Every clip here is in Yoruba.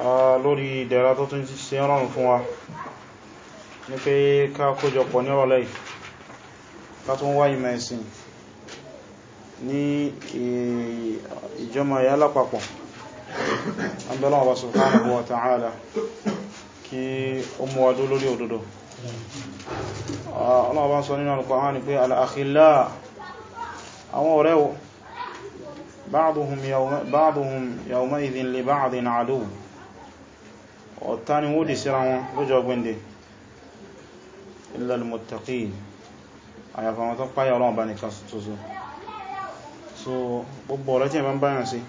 lórí ìdẹ̀ra tó tún ti ṣe rọrùn fún wa ní pé ká kójọpọ̀ ní ọ̀rọ̀lẹ́ ká tún wá ìmọ̀ ẹ̀sìn ní ìjọmọ̀ ìyá lápapọ̀ abẹ́lọ́wọ́ bá subhanahu wa ta'ala kí ó mú wájú lórí ọ̀tá ni wọ́n dì síra wọn lọ́jọ́ ọgbẹ́ndẹ̀ illal muttaqin àyàfà wọn tó páyà ọlọ́run bá nìkan tuntun so gbogbo ọ̀rẹ́ tí ẹ̀bá ń báyàn sí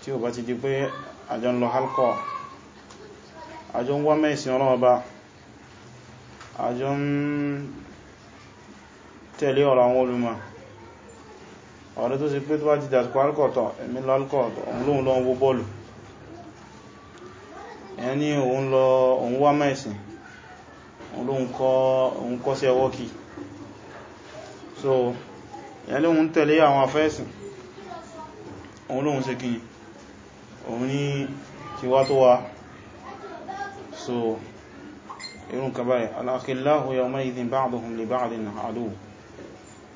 tí ó bá ti di pé àjọ ń lọ halkọ àjọ ń wá mẹ́sìn ọlọ́run bá àjọ ń tẹ̀lé ọ̀rọ̀ àwọn olùmọ̀ ọ̀rẹ́ tó sì pé tó bá ti dàtùkọ halkọ̀ tọ̀ ẹ̀mí lọ́lkọ̀ ọ̀hún lóhun lọ́wọ́ èyàn ní òun lọ òun wá mẹ́sìn òun ló ń kọ́ sí ọwọ́ kí so èyàn lóhun tẹ̀lé àwọn afẹ́ẹ̀sìn òun lóhun ṣe kí òun ní tiwá tó wá so irun kaba ẹ̀ al-akhillahu yawma'idhin ba'duhum li ba'din adu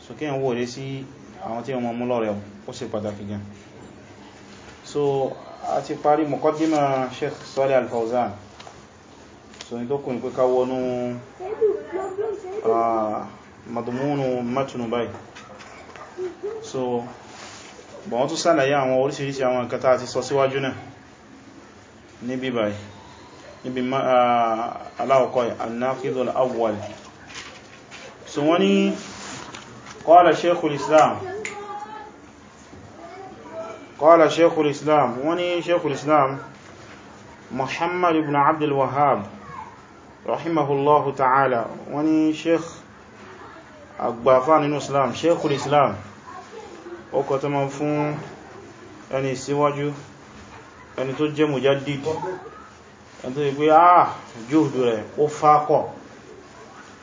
so kí wọ́n wọ́n rẹ̀ sí àwọn tí wọ́n mú lọ́rẹ̀ ó ṣe pàtàkì gan so a ti parí muqaddima Sheikh Salih Al-Fawzan so ni tókùn pé ká wọnú madmunu matnu báyìí so bọ̀ wọ́n tún sàlàyé àwọn oríṣiríṣi àwọn nǹkan tá a ti sọ síwájú náà níbi báyìí níbi aláwọ̀kọ́ an-naqidh al-awwal so wọ́n ni Sheikhul Islam قال شيخ الإسلام وني شيخ الإسلام محمد بن عبد الوهاب رحمه الله تعالى وني شيخ أقبافان إنو إسلام شيخ الإسلام وكتما فون ẹni síwájú ẹni tó jẹ́ mujaddid ẹni tó yí pé ah jùdù rẹ̀ ó fákọ̀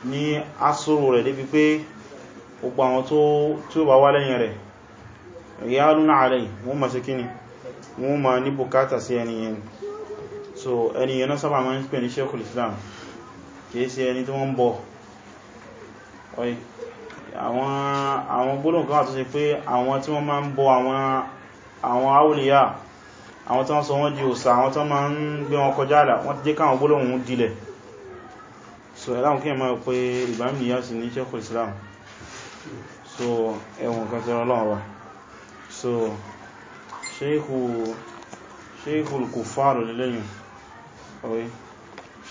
ní asúrù rẹ̀ débi pé gbogbo àwọn tó bá wá lẹ́yìn rẹ̀ riyalun alayhi wọ́n ma ṣe kíni wọ́n ma ní bùkátà sí ẹni so ẹni yẹn sábà ma ń pè ní Sheikhul Islam kìí ṣe ẹni tí wọ́n bọ̀ ọ̀yí àwọn gbólóhùn kan wà tó ṣe pé àwọn tí wọ́n ma ń bọ àwọn awliya àwọn tán sọ wọ́n di òsà àwọn tán ma ń gbé wọn kọjá àlà wọ́n jẹ́ káwọn gbólóhùn dilẹ̀ so ẹ̀láhùn kí ẹ máa pé ìbámi yá sí ní Sheikhul Islam so ẹ̀wọ̀n kan tẹ́rọ lọ́wọ́ so sheikhu sheikhu al-kufaru lẹ́yìn ọ̀rẹ́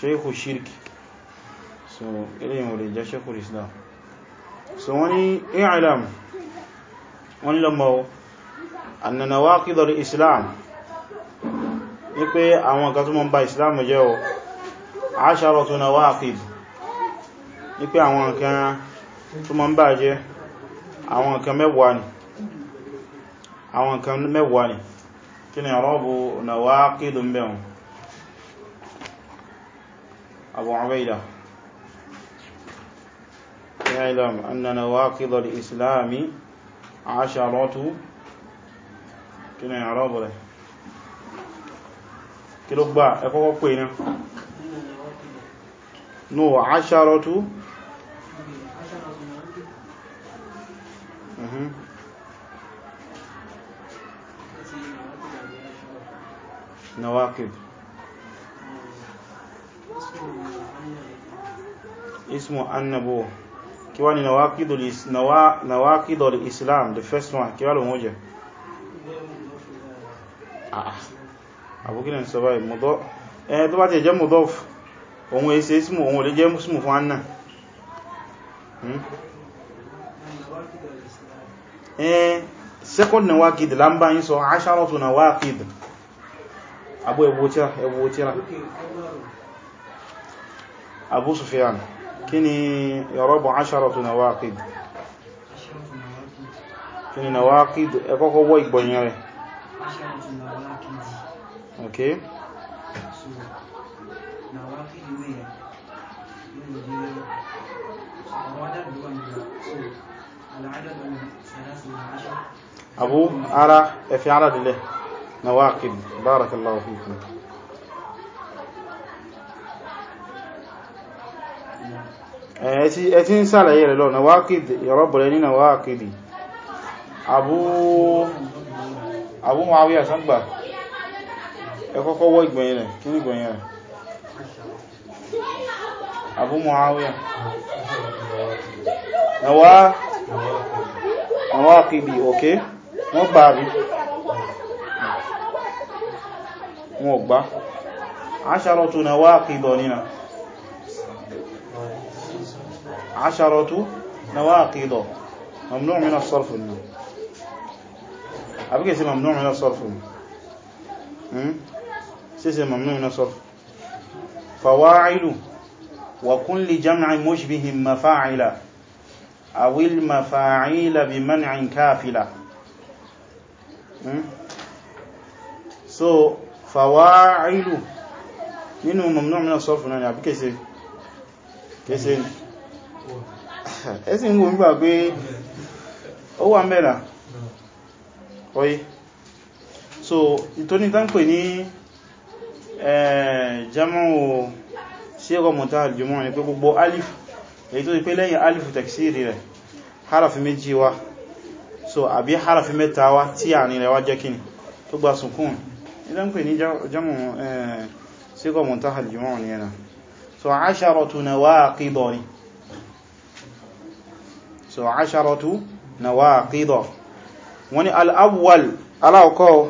sheikhu shirki so lẹ́yìn ọ̀rẹ́ jẹ́ sheikhu islam so wani i'lam wani lamọ́ anna nawaqid al-islam ní pé àwọn kan tó mọ́ bá islam jẹ́ o asharatu nawaqid ní pé àwọn kan tó mọ́ bá jẹ́ àwọn kan mẹ́wàá ni àwọn nǹkan mẹ́wàá ni kí ni àrọ́bù na wá kídùn bẹ̀rùn Abu Ubaida يعلم أن نواقض الإسلام عشرة كنا يعرب له kí ló gbà ẹkọ́kọ́ pè náà no asharatu mhm nawaqib ismu annabu kí wá ní nawaqidul islam the first one kí wá lòun jẹ́ àbúkílẹ̀ sọ báyìí mọ́dọ́ ẹ̀ tó bá ti jẹ́ mọ́dọ́f ohun èsẹ̀ ismu ohun olè jẹ́ ismu fún anna ẹ̀ hmm? eh, second nawaqid lámbáyín sọ asharatu nawaqid abú ẹwọ tíra ẹwọ tíra Abu Sufyan kí ni yarabu asharatu nawaqid kí ni nawaqid ẹkọ́kọ́ wọ́ ìgbọ̀nyẹ rẹ̀ ok abu ara ẹ̀fẹ́ ara dìlẹ̀ نواقد بارك الله فيكم ẹ̀tí ń sàlàyé rẹ̀ lọ nawaqid ìrọ́bùrẹ̀ ní nawaqidi Abu Abu Muawiya àṣángbà ẹ kọ́kọ́ wọ́ ìgbẹ̀yìn rẹ̀ kí ní ìgbẹ̀yìn rẹ̀ Abu Muawiya nawaqidi ok wọ́n bá rí wọn gbá asharatu nawaqid nínà aṣarọ̀tù na wá nawaqid mamnu' min as-sarf nínà àbíkẹ̀ sí mamnu' min as-sarf síse mamnu' min as-sarf fawa'ilu وكن لجمع mafa'ila مفاعل أو المفاعيل بمنع كافلة so fàwáìlù nínú mọ̀mọ̀ mìíràn sọ́fún náà ni àbí kése kése ní ẹ̀sì ń gbòmí bà pé ó wà mẹ́rà ọ̀yí so ìtóní tánpè ní jamu sí ẹgbọ́ mọ̀tá aljumọ́ ni pé gbogbo alif èyí tó ti pé lẹ́yìn alif taksiri rẹ̀ harafi méjì wá so àbí harafi mẹ́ta wá tí àrin rẹ̀ wá jẹ́ kíni tó gba sùnkún idan pè ní jamu sígọ̀ muntahal jimọ́ ni yana so asharatu nawaqidọ ni so asharatu nawaqidọ wani al'awwal aláwọ̀kọ́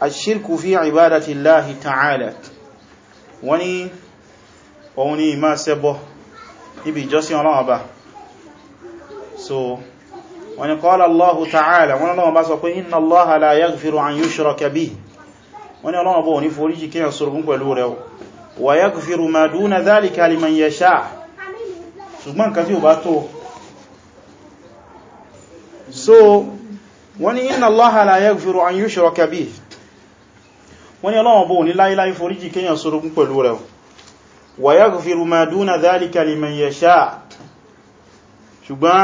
ashirku fi ibadati Allahi ta'ala wani òun ni ma ṣẹbọ níbi ìjọsìn Ọlọ́run Ọba so wani qala Allahu ta'ala wani Ọlọ́run bá sọ pé inna Allaha la yaghfiru an yushraka bihi wọ́n ní Ọlọ́run bọ̀ ní foríjì kí ẹ̀sọ́rọ̀gún pẹ̀lú rẹ̀ wa yaghfiru ma duna dhalika liman yasha ṣùgbọ́n nǹkan tí bá tó so wọ́n ní inna Allaha la yaghfiru an yushraka bihi wọ́n ní Ọlọ́run bọ̀ ní láíláí foríjì kí ẹ̀sọ́rọ̀gún pẹ̀lú rẹ̀ wa yaghfiru ma duna dhalika liman yasha ṣùgbọ́n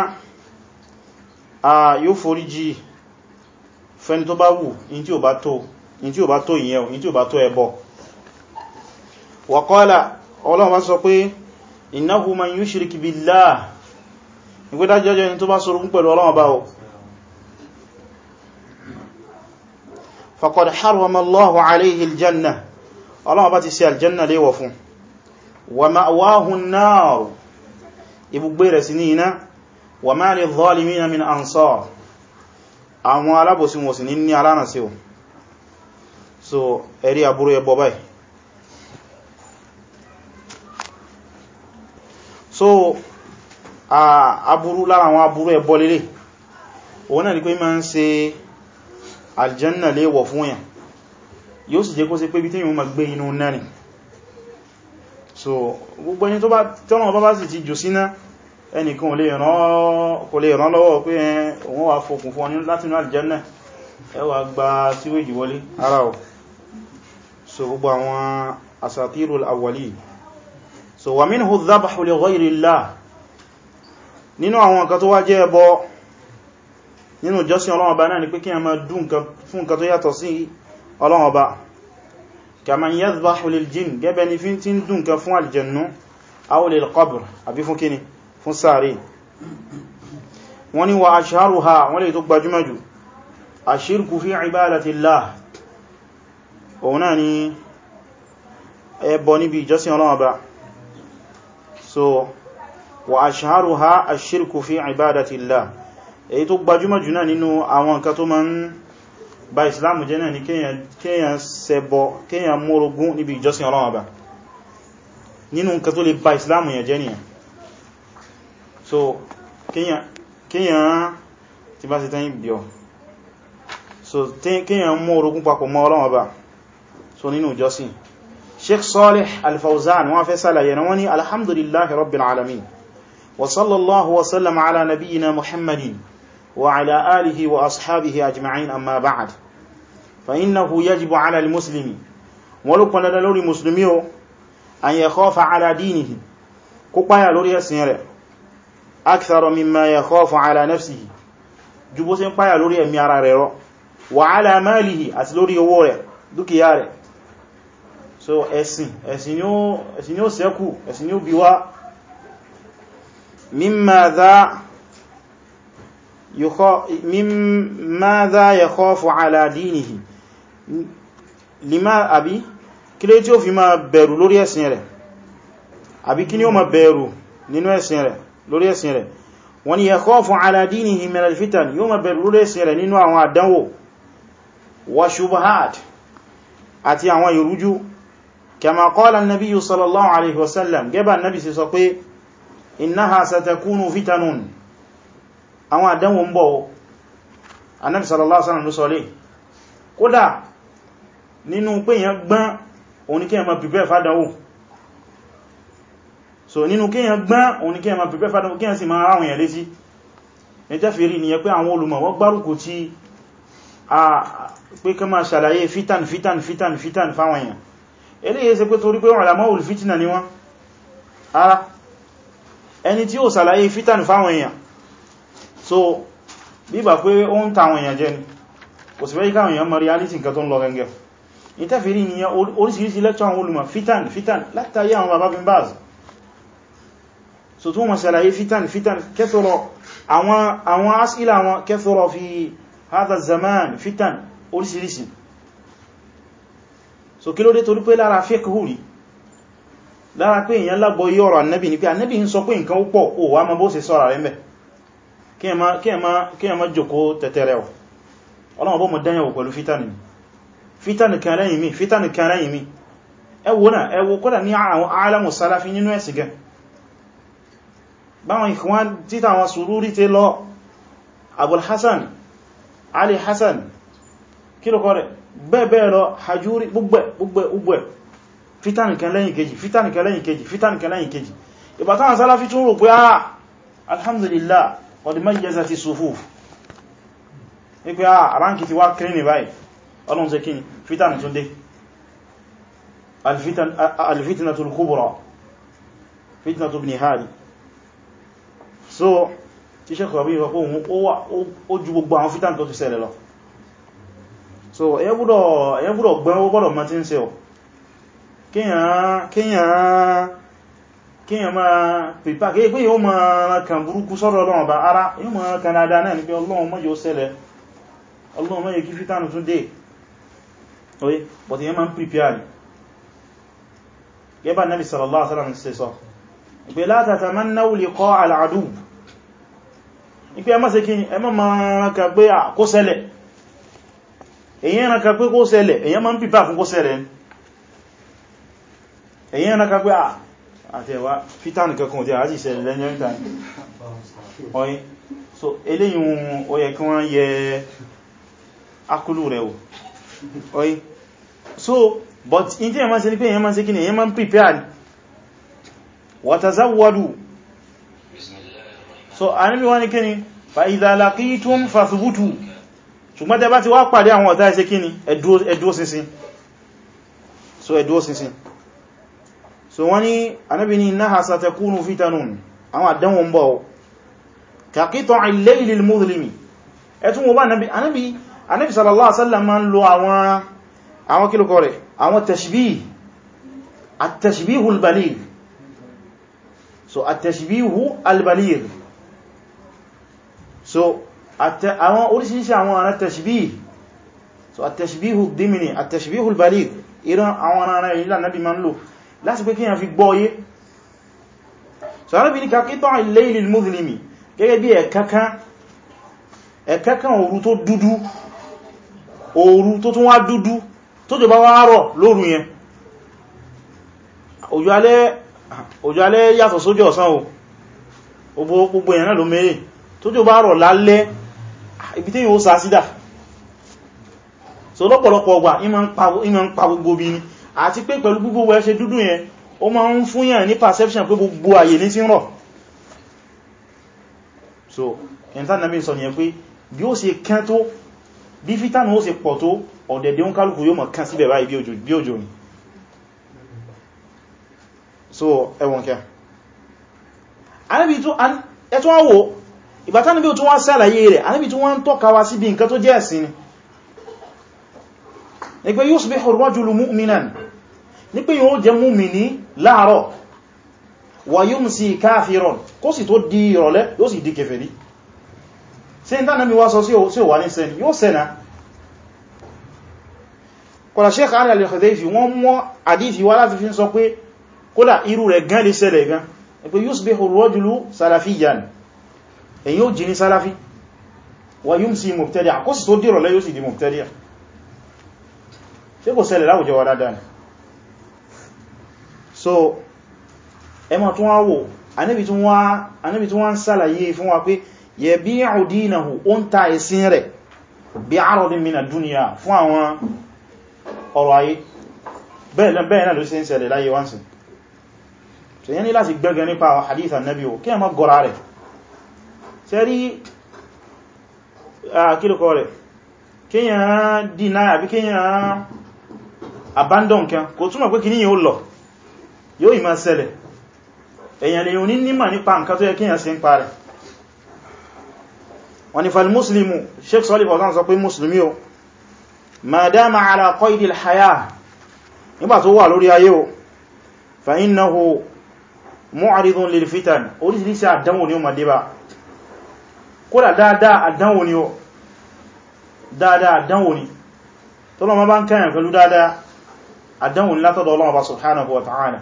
a yóò foríjì fẹ́ni tó bá wù in tí ó bá tó in tí ó bá tó ìyẹn in tí ó bá tó ẹbọ wa qala ọlọ́run bá sọ pé innahu man yushrik billah ìgbédájọ́jọ́ ẹni tó bá sorogún pẹ̀lú ọlọ́run bá o faqad harrama Allahu alayhi aljanna ọlọ́run bá ti àwọn alábòsí ní ní alánà so ẹ̀rí àbúrú ebo báyìí so àbúrú lára àwọn àbúrú ẹbọ lélè òun náà ni pé ma ń ṣe aljanna léèwọ̀ fún èyàn yóò sì jẹ́ kó ṣe pé bí tí yíò ma gbé inú náà ni so gbogbo ẹni tọ́nà bá sì ti jù síná ẹnìkan ò lè ràn pe pé òun wà fòkùn fún ọ látinú aljanna ẹ wá gba síwéjì wọlé ara ọ̀ so gbogbo àwọn asatirul awwali so wa minhu dhabhu li ghayri Allah nínú àwọn nǹkan tó wá jẹ́ ẹbọ nínú jọ́sìn Ọlọ́run Ọba náà ni pé kí a máa dú fún nǹkan tó yàtọ̀ sí Ọlọ́run Ọba kaman yadhbahu lil jinn gẹ́bẹ̀ ni fi ti ń dú nǹkan fún aljannu aw lil qabr àbí fún kíni fún sáré wọ́n ni wa ashharuha wọ́n lè tó gbajúmọ̀ jù ashirku fi ibadatillah òun náà ni ẹbọ níbi ìjọsìn Ọlọ́run Ọba so wa ashharuha ash-shirku fi ibadatillah èyí tó gbajúmọ̀ jù náà nínú àwọn nǹkan tó máa ń ba ìsìláàmù jẹ́ náà ni kéèyàn ṣẹbọ kéèyàn mórogún níbi ìjọsìn Ọlọ́run Ọba nínú nǹkan tó lè ba ìsìláàmù yẹn jẹ́ nìyàn so kíyàn tí bá sí tán ìbíọ̀ so kíyàn mú orogún papọ̀ mọ́ Ọlọ́run Ọba so nínú josin sheikh salih al-fawzan wa fẹ́ sálàyé na wani ni alhamdulillahi rabbil alamin wa sallallahu wa sallama ala nabiyyina muhammadin wa ala alihi wa ashabihi ajma'in amma ba'd fa innahu yajibu ala al-muslimi wọ́n ló pọ̀lá lórí muslimi o an yakhafa ala dinihi kó páyà lórí ẹ̀sìn rẹ̀ akthara mimma yakhafu ala nafsihi ju bó ṣe páyà lórí ẹ̀mí ara rẹ̀ rọ wa ala malihi as lórí owó rẹ̀ dukiya rẹ̀ so ẹ̀sìn ẹ̀sìn yóò ṣẹ́kù ẹ̀sìn yóò bí wá mímádá yakhafu ala dinihi lima àbí kí lé tí ó fi máa bẹ̀rù lórí ẹ̀sìn rẹ̀ àbí kí ni ó máa bẹ̀rù nínú ẹ̀sìn rẹ̀ lórí ẹ̀sìn rẹ̀ wọ́n ni yakhafu ala dinihi min al yóò máa bẹ̀rù lórí ẹ̀sìn rẹ̀ nínú àwọn àdánwò wa shubahat àti àwọn ìrújú كما قال النبي صلى الله عليه وسلم جبا النبي sọ pé إنها ستكون فتن àwọn àdánwò ń bọ̀ Ànábì sallallahu alaihi wasallam ló sọ lé kódà nínú pé èyàn gbọ́n òní kí èyàn ma prepare fádánwò so nínú kí èyàn gbọ́n òní kí èyàn ma prepare fádánwò kí èyàn sì ma ráwọn èyàn létí ní tẹ́fì rí nìyẹ eléyìí ṣe pé torí pé wọ́n àlàmọ́ olùfitìnà ni wọ́n ara ẹni tí ó sàlàyé fítànù fáwọn èèyàn so bíbà pé ó ń ta àwọn èèyàn jẹ ni kò sì fẹ́ káwọn èèyàn mọ̀ reality nǹkan tó ń lọ gẹngẹ ìtẹ́fìrí ìyẹn orísìírísìí lẹ́tọ́ àwọn olùmọ̀ fítàn fítàn látàrí àwọn bàbá bin baz so tó wọ́n sàlàyé fítàn fítàn kẹsọ̀rọ̀ àwọn asílà wọn kẹsọ̀rọ̀ fi hadha zaman fítàn orísìírísìí so kí ló dé torí pé lára fíkì húrí lára pé èyàn lágbọ́ yí ọ̀rọ̀ annabi ni pé annabi ń sọ pé nǹkan ó pọ̀ ó wá ma bó ṣe sọ́ra rẹ̀ mẹ́ kí ẹ ma jòkó tẹ̀tẹ̀rẹ̀ ọ̀ ọlọ́wọ́ bó mọ̀ dányẹ̀wò pẹ̀lú fítànì fítànì kan rẹ̀yìn mi fítànì kan rẹ̀yìn mi ẹwọ náà ẹwọ kọ́dà ikhwan títà àwọn sururi tẹ abul hassan ali hassan kí lókọ rẹ̀ bẹ́ẹ̀bẹ́ẹ̀ lọ hajjúrí gbogbo gbogbo fítànìkan lẹ́yìn kejì fítànìkan lẹ́yìn kejì fítànìkan lẹ́yìn kejì ìbátáwọn sálàfí tún rò pé ah alhamdulillah qad mayyazati sufuf ní pé ah ránkì ti wá kírí ní báyìí ọlọ́run ṣe kíni fítànì tún dé alfitnatul kubra so tí sẹ́kọ̀ọ́bí ìfẹ́kọ́ ohun ó ju gbogbo àwọn fítànì tó ti ṣẹlẹ̀ lọ so èyàn gbọ́dọ̀ gbọ́n ó gbọ́dọ̀ mọ́ tí ń ṣe ọ̀ kíyàn máa pípa kí pé yíò máa kàn burúkú sọ́rọ̀ ọlọ́run bá ara yíò máa kàn dáadáa náà ní pé ọlọ́run mọ́ yóò ṣẹlẹ̀ ọlọ́run mọ́ yóò kí fítànù tún dé oye but èyàn máa ń pípa rí gẹ́bà nabi sallallahu alaihi wasallam ṣe sọ pé la èyàn ẹ̀nà kan pé kó ṣẹlẹ̀ èyàn ma ń pípà fún kó ṣẹlẹ̀ èyàn ẹ̀nà kan pé àtẹ̀wà fítàní kankan jẹ́ àti ìṣẹ̀lẹ̀ lẹ́yìn ọ̀yìn ọ̀yìn so eléyìn ó yẹ kí wọ́n yẹ akúlù rẹ̀ wò ọ̀yìn so but in tí èyàn ma ṣe ní ni èyàn ma so a níbi wá ní kí ni ṣùgbọ́n tẹ bá ti wá pàdé àwọn ọ̀tá ẹsẹ kí ni ẹ dúró ṣinṣin so ẹ dúró ṣinṣin so wọ́n ní Ànábì ní innaha satakunu fitanun àwọn àdánwò ń bọ̀ ka qita'il laylil mudhlimi ẹtún wọ́n bá Ànábì sallallahu alaihi wasallam máa ń lo àwọn àwọn kílùkọ rẹ̀ àwọn tashbih at-tashbihu al-baligh so at-tashbihu àwọn oríṣiríṣi àwọn ọ̀nà tashbih so at-tashbihu dimini at-tashbihu al-baligh ìran àwọn ọ̀nà ilẹ̀ anábi ma ń lò láti pé kí yàn fi gbọ́ọ̀yé so arábi ní kakítọ́ al-layl al-mudhlimi gẹ́gẹ́ bí tó dúdú òru rọ̀ lálẹ́ ibi tí yíò sásídà so lọ́pọ̀lọpọ̀ ọgbà ìmọ̀ ń pa gbogbo bí ní àti pé pẹ̀lú gbogbo ẹ ṣe dúdú yẹn ó ma ń fún yàn ní perception pé gbogbo àyè ní tí ń rọ̀ so ẹ̀ntá nàbí sọ yẹn pé bí ó ṣe kán tó bí fítànù ó ṣe pọ̀ tó ọ̀dẹ̀dẹ̀ ń kálùkù yóò mọ̀ kán síbẹ̀ báyìí bí òjò ni ìbátá níbi tó wá sàlàyé rẹ̀ anábi tó wọ́n tọ́ka wá sí bí nǹkan tó jẹ́ ẹ̀sìn ni pé yusbihu ar-rajulu mu'minan ní pé yóò jẹ múmìní láàárọ̀ wa yumsi kafiran kó sì tó di ìrọ̀lẹ́ yóò sì di kèfèrí sí ní tánàbí wá sọ sí ò wà ní sẹ́ni yóò sẹ́nà kọ̀lá Sheikh Ali al-Khudhayfi wọ́n mọ́ àdífi wá láti fi ń sọ pé kódà èyí ó jí ní sáláfí wà yíò sí mubtadi' àkóso tó dìrọ̀ lẹ́yìn ó sì di mubtadi' ṣe kò ṣẹlẹ̀ láwùjọ wa dáadáa so ẹmọ tún wá wò anábi tún wá ń sàlàyé fún wa pé yabi'u dinahu ó ń ta ẹ̀sìn rẹ̀ bi'aradin mina dunya fún àwọn ọ̀rọ̀ ayé bẹ́ẹ̀ náà ló ṣe ń sẹ́rí àkílùkọ ah, rẹ̀ kíyàn deny àbí kíyàn abandon kan kò túnmọ̀ pé kìí yóò lọ yóò ìmá ṣẹlẹ̀ èyàn lèyàn ní nímà nípa nǹkan tó yẹ kíyàn sí ń pa rẹ̀ wọ́n ni fal muslimu sheikh solif ọ̀gán sọ pé musulmi o ma dáma ala qaydil haya nígbà tó wà lórí ayé o fa innahu mu'ridun lil fitan orísìírísìí àdánwò ni ó ma dé bá kódà dáadáa àdánwò ni ọ dáadáa àdánwò ni tọ́lọ ma bá ń kẹ́yàn pẹ̀lú dáadáa àdánwò ni látọ̀dọ̀ Ọlọ́run bá subhanahu wa ta'ala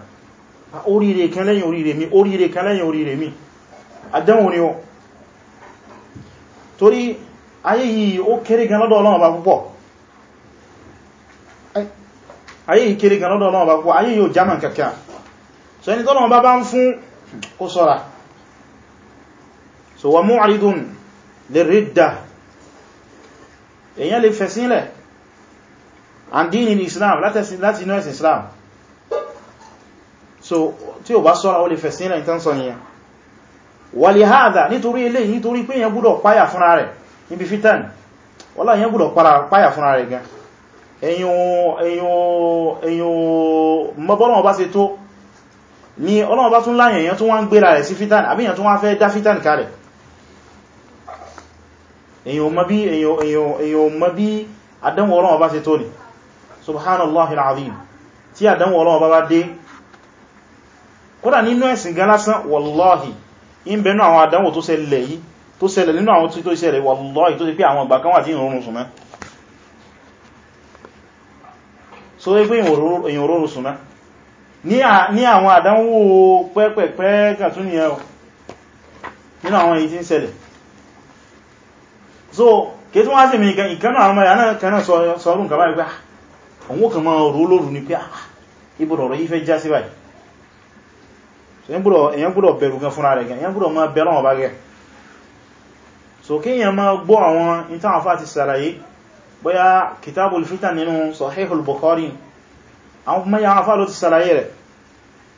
oríire kan lẹ́yìn oríire mi oríire kan lẹ́yìn oríire mi àdánwò ni ọ torí ayé yìí ó kéré gan lọ́dọ̀ Ọlọ́run bá púpọ̀ ayé yìí kéré gan lọ́dọ̀ Ọlọ́run bá púpọ̀ ayé yìí ò jámàn kankan so ẹni tọ́lọ ma bá ń fún kó sọ́ra so wa mu'ridun lè rídà èyàn lè fẹ̀sílẹ̀ àndínì ní islam láti inú ẹ̀sìn islam so tí ó bá sọ́ra ó lè fẹ̀sílẹ̀ ìtànsọ nìyàn wà lè háàdà nítorí ilé nítorí pé èyàn gbọ́dọ̀ páyà fúnra rẹ̀ níbi fitan wọ́lá èyàn gbọ́dọ̀ páyà fúnra rẹ̀ gan èyàn mọ́bọ́lọ́wọ́ bá ṣe tó ni ọlọ́wọ́ bá tún láyẹ̀ èyàn tún wá èyàn mọ́ bí èyàn mọ́ bí àdánwò ọlọ́wọ́ bá se tó ní alazim tí àdánwò ọlọ́wọ́ bá dé kódà nínú ẹ̀sìn lásán wallahi in bẹnu àwọn àdánwò tó sẹlẹ̀ yìí tó sẹlẹ̀ nínú àwọn tí tó sẹlẹ̀ wallahi tó àwọn wà tí so kí tí wọ́n sì mi ìkẹ́nà àwọn ọmọ ìyànà kẹ́nà sọ́rún kàbá ìgbà òun ó kàn máa rò lóòrù ní pé ibùdó ọ̀rọ̀ yìí fẹ́ já sí báyìí èyàn gbọ́dọ̀ bẹ̀rù gan fúnra rẹ̀ gan èyàn gbọ́dọ̀ máa bẹ̀rọ ọba gẹ̀ so kí èyàn máa gbọ́ àwọn ìtànfà ti sàlàyé bóyá kitabul fitan nínú sahihul bukhari àwọn fún mẹ́yàn afá lo ti sàlàyé rẹ̀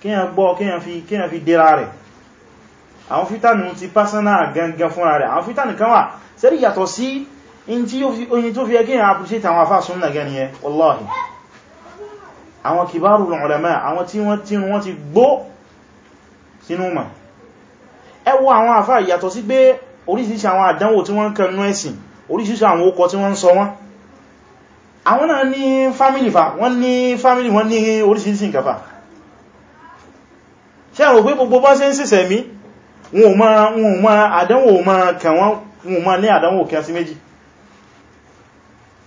kí èyàn gbọ́ kí èyàn fi dẹ́ra rẹ̀ àwọn fitan ti pásánà gan fúnra rẹ̀ àwọn fitan kan wà sẹ́rí yàtọ̀ sí in tí oyin tó fi ẹgbẹ́ àpùsítà àwọn afá súnnà gẹni ẹ wallahi àwọn kìbáàrù ulama àwọn tí wọ́n tí wọ́n ti gbó sínú ma ẹ wo àwọn afá yàtọ̀ sí pé oríṣiríṣi àwọn àdánwò tí wọ́n kẹnu ẹ̀sìn oríṣiríṣi àwọn okọ tí wọ́n sọ wọ́n àwọn náà ní fámílì fa wọ́n ní fámílì wọ́n ní oríṣiríṣi nǹkan fa ṣe àwọn òpé wọn ma ní àdánwò kí a sí méjì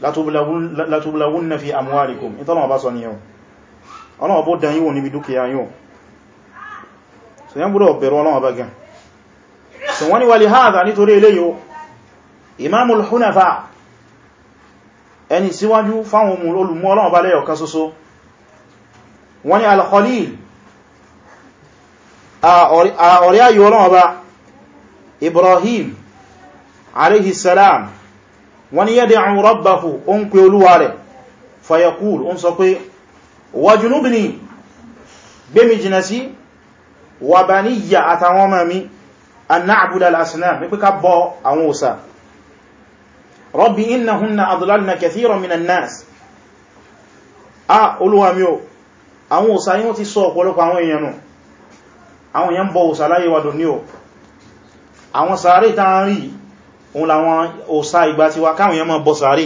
látúbùlàwún na fi amwarikum ìtọ́nà ọba sọ ni yau ọlọ́wọ́ bó dán yíwò níbi dúkìá yíò so yán búrò bẹ̀rọ ọlọ́wọ́ bá gan so wọ́n ni wà lè haza nítorí ilé yóò imamul hunafa ẹni síwájú fáwọn olùmọ́ ọlọ́wọ́ bá lẹ́yọ̀ Ibrahim alayhi salam wọ́n ni yad'u rabbahu o ń pe olúwa rẹ̀ fayakul o ń sọ pé wa junubni gbémi jìnà sí wa baniya àtàwọn ọmọ mi an na'buda al-asnam ní píká bọ àwọn òsà rabbi innahunna adlalna kathiran mi o àwọn òsà yíò ti sọ àwọn òsà láyé wà dùn ní o àwọn òun làwọn òsà ìgbà tiwa káwọn yẹn mọ́ bọ sàárè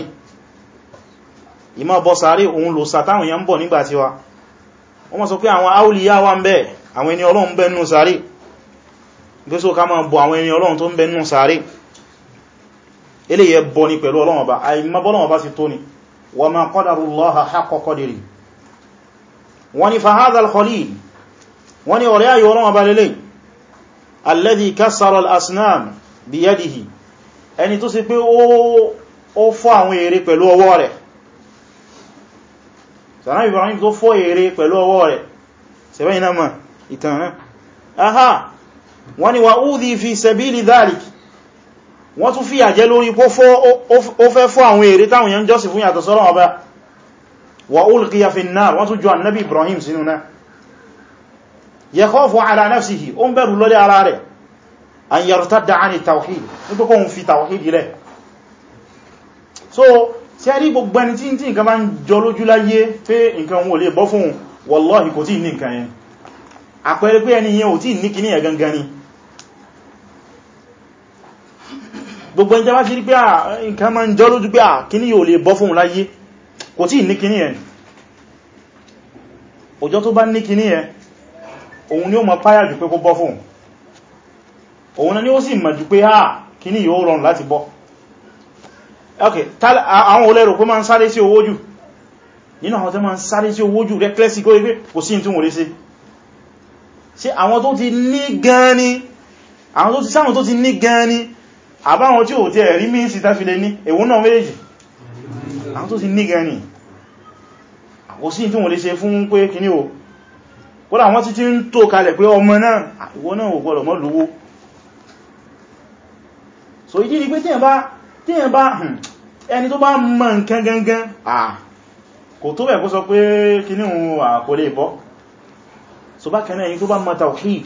ìmọ́ bọ sàárè òun lò sà táwọn yẹn ń bọ̀ nígbà tiwa wọ́n mọ́ sọ pé àwọn áúlìyà wà ń bẹ àwọn ẹni ọlọ́run bẹ nínú sàárè gbésò ká máa bọ àwọn ẹni ọlọ́run tó ń bẹ nínú sàárè eléyẹ bọ ni pẹ̀lú ọlọ́run ọba àìmọ́ bọ́lọ́run ọba ẹni tó sì pé ó fọ́ àwọn ère pẹ̀lú ọwọ́ rẹ̀ sàrán Ibrahim tó fọ́ ère pẹ̀lú ọwọ́ rẹ̀ sẹ́bẹ̀ iná mọ̀ ìtàn náà aha wọ́n ni wà údí fi sẹ̀bílì dhalik wọ́n tún fìyà jẹ lórí pó fẹ́ fọ́ àwọn ère táwọn yẹn jọ́sìn fún yàtọ̀ sọ́rọ̀ ọba wà ulqiya fi an wọ́n tún jù annabi Ibrahim sínú náà yakhafu ala nafsihi ó ń bẹ̀rù lórí ara rẹ̀ an yartadda ani tawhid nípa kóhun fi tawhid ilẹ̀ so tí a rí gbogbo ẹni tí nǹkan bá ń jọ lójú láyé pé nǹkan wọn ò bọ́ fún wallahi kò tí ní nǹkan yẹn àpẹẹrẹ pé ẹni yẹn ò tí ní kìníyàn gangan ni gbogbo ẹni jábá ti rí pé nǹkan máa ń jọ lójú pé kìní yóò lè bọ́ fún láyé kò tí ní kìníyàn òjò tó bá ní kìníyàn òun ni ó mọ̀ páyà jù pé kó bọ́ fún òun ni ó sì mọ̀ jù pé ha kí ní yóò rọrùn láti bọ́ ok àwọn olẹ́rò pé ma ń sáré sí owó jù nínú àwọn tó ma ń sáré sí owó jù rẹ́klẹ́sì kó wípé kò sí tí wọ́n lè ṣe ni àwọn tó ti sáwọn tó ti ní gan ni àbáwọn tí ò tí ẹ̀rí mí sí tàfilé ní èwo náà méjì àwọn tó ti ní gan ni kò sí tí wọ́n lè o kódà wọ́n ti ti ń tó kalẹ̀ pé ọmọ náà ìwọ náà ò gbọ́dọ̀ mọ́ lówó so ìdí ni pé tí èyàn bá hmm, ẹni tó bá mọ̀ nǹkan gangan à kò tó bẹ̀ kó sọ pé kíní òun àkò lè bọ́ so bá kẹ́nà ẹni tó bá mọ̀ tawhid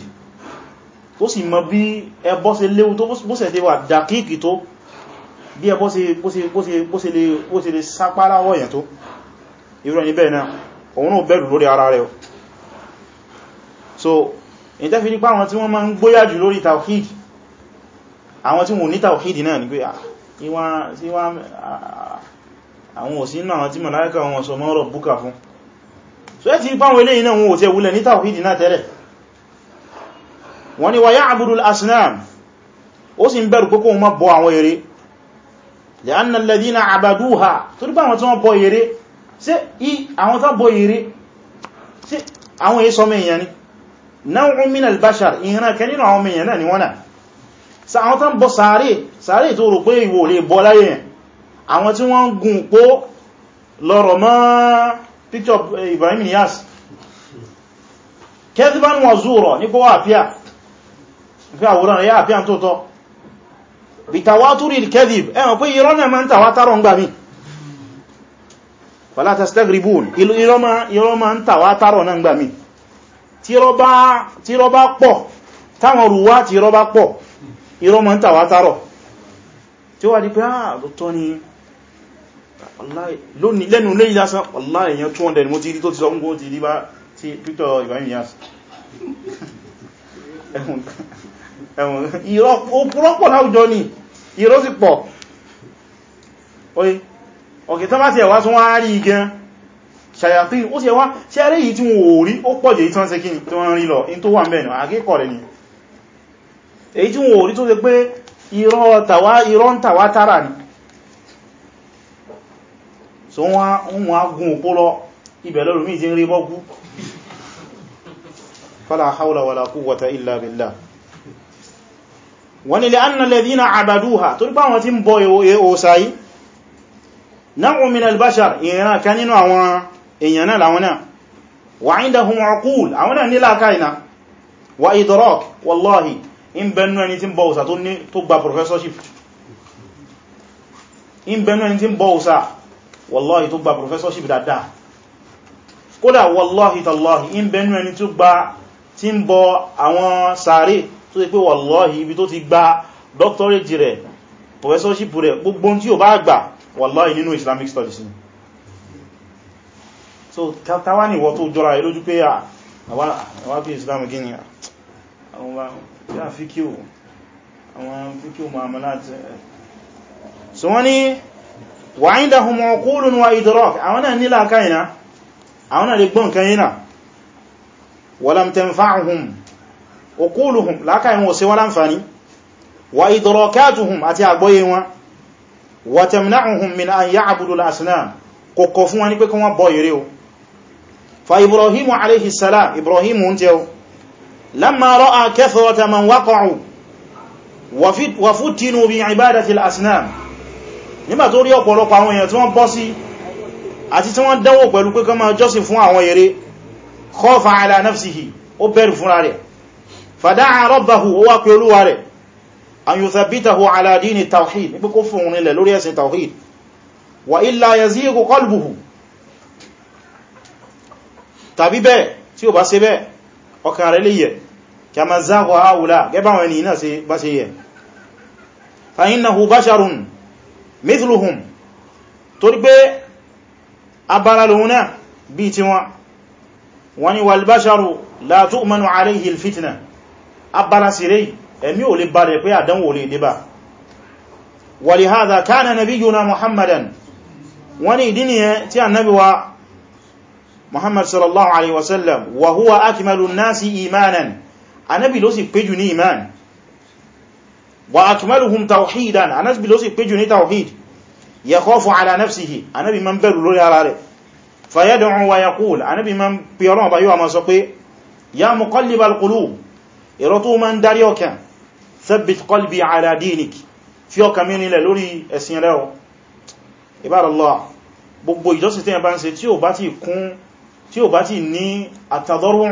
tó sì mọ̀ bí ẹbọ ṣe léwu tó bó ṣe wà dàkíkì tó bí ẹbọ ṣe lè sápá láwọ́ èyàn tó irú ẹni bẹ́ẹ̀ náà òun náà bẹ̀rù lórí ara rẹ̀ so ìtẹ́fi nípa àwọn tí wọ́n máa ń gbóyà jù lórí tawhid àwọn tí wọ́n ní tàwíìdì náà ni pé àwọn òsì náà tí màláíkà wọn sọ mọ́ Rabbuka fún so ẹ́ ti báwọn ilé iná wọn ò tẹ́ wulẹ̀ ní tàwíìdì náà tẹ́lẹ̀ wọ́n ni wa ya'budul asnam ó sì ń bẹ̀rù pé kóhun má bọ àwọn ère li'anna alladhina 'abaduha tó ní báwọn tí wọ́n bọ ère sí àwọn tó bọ ère sí àwọn èé sọmọ min al-bashar ìran kẹ́ nínú àwọn èèyàn náà ni wọ́n náà sa àwọn tán bọ́ sàárè sàárè tó rò pé ìwò lè bọ́ láyé yẹn àwọn tí wọ́n ń gun pó lọ́rọ̀ mọ́ picture eh, Ibrahim Niyas kẹ́tíbán wọ́n zúrọ̀ ní kó wà àfíà fi àwòrán rẹ̀ yá àfíà tó tọ́ bitawaturi kẹ́dìb ẹwọ̀n pé irọ́ náà ma ń tàwátàrọ̀ ń gbà mí fala tastagribun irọ́ ma ń tàwátàrọ̀ náà ń gbà mí táwọn ruwá tí irọ́ bá pọ̀ irọ́ ma ń tàwà tààrọ̀ tí ó wà di pé àà ah, lótọ́ ni lẹ́nu lé ìlásán wallahi èyàn 200 mo ti rí tó ti sọ ń gbó ti rí bá ti pítọ̀ Ibrahim Iyas ẹ̀wọ̀n oye ọ̀kẹ̀ tán bá ti ẹ̀wà tún wá rí igẹ́ ṣàyàtí ó sì ẹwà ṣẹ́rẹ́ yìí tí wọ́n rí ó pọ̀jẹ̀ ìtànṣẹ́kí tí wọ́n rí lọ in tó wà mẹ́rin àkíkọ̀ rẹ̀ ni èyí tí wọ́n orí tó ṣe pé irọ́ ń tàwá tààrà ni so wọ́n wọ́n gún òpó lọ ibẹ̀ lọ́rùn mí ti ń rí bọ́gú fala hawla wala quwwata illa billah wani li anna alladhina abaduha tó rí pàwọn tí ń bọ òsàyí náà min albashar ìran kan nínú àwọn èèyàn náà làwọn náà wa indahum uqul àwọn náà ní làákàyè náà wa idrak wallahi in bẹnu ẹni tí ń bọ òsà tó gba professorship in bẹnu ẹni tí ń bọ òsà wallahi tó gba professorship dáadáa kódà wallahi tallahi in bẹnu ẹni tó gba tí ń bọ àwọn sàárè tó ti pé wallahi ibi tó ti gba doctorate rẹ̀ professorship rẹ̀ gbogbo tí ó bá gbà wallahi nínú islamic studies ni so tàwà ní ìwọ tó jọra ẹ lójú pé ah, ah? àwọn àbí islam gini àwọn tíra fíkíò àwọn fíkíò muamalat eh. so wọ́n ni wà ní dáhùn mọ̀kúlùn wa idrak àwọn náà nílá káyìnà àwọn náà lè gbọ́n káyìnà walam tanfa'uhum okúlùhùn lákàyìn wọ́n sí wọ́n láǹfàní wa idrakatuhum àti àgbọ́yé wọn wa tamna'uhum min an ya'budu ibrahimu alayhi salam ibrahimu ń jẹ́ لما رأى كثرة من وقعوا وفتنوا بعبادة الأصنام nígbà tó rí ọ̀pọ̀lọpọ̀ àwọn èèyàn tí wọ́n bọ́ sí àti tí wọ́n dáwò pẹ̀lú pé kó máa jọ́sìn fún àwọn ère khafa ala nafsihi ó bẹ̀rù fúnra rẹ̀ fada'a rabbahu ó wá pé olúwa rẹ̀ an yuthabbitahu ala dini tawhid ní pé kó fún òun ilẹ̀ lórí tawhid wa illa yazigu qalbuhu tàbí bẹ́ẹ̀ tí ó bá ṣe bẹ́ẹ̀ ọkàn rẹ̀ lè kama záhọ̀ haula gẹ́bà wọn ni náà bá ṣe yẹ fa innahu basharun mithluhum torí pé abara lòun náà bí ti wọn wani wal basharu la tu'manu alayhi alfitna abara sire ẹ̀mí ò lè bá rẹ̀ pé àdánwò lè dé bá walihadha kana nabiyuna muhammadan wani ìdí ni tí annabi wa muhammad sallallahu alaihi wasallam wa huwa akmalu nasi imanan anábì ló sì péjù ní iman wa akmaluhum tawhidan anábì ló sì péjù ní tawhid yakhafu ala nafsihi anábì ma ń bẹ̀rù lórí ara rẹ̀ fayad'u wa yaqul anábì ma ń pè ọlọ́run bá yíwa ma sọ pé ya muqallibal qulub ìrọ tó ma ń darí ọkàn thabbit qalbi ala dinik fi ọkàn mi nílẹ̀ lórí ẹ̀sìn rẹ̀ o ibadallah gbogbo ìjọsìn tí ẹ bá ń ṣe tí ò ti kún tí ò bá ti ní àtàdọ́rùn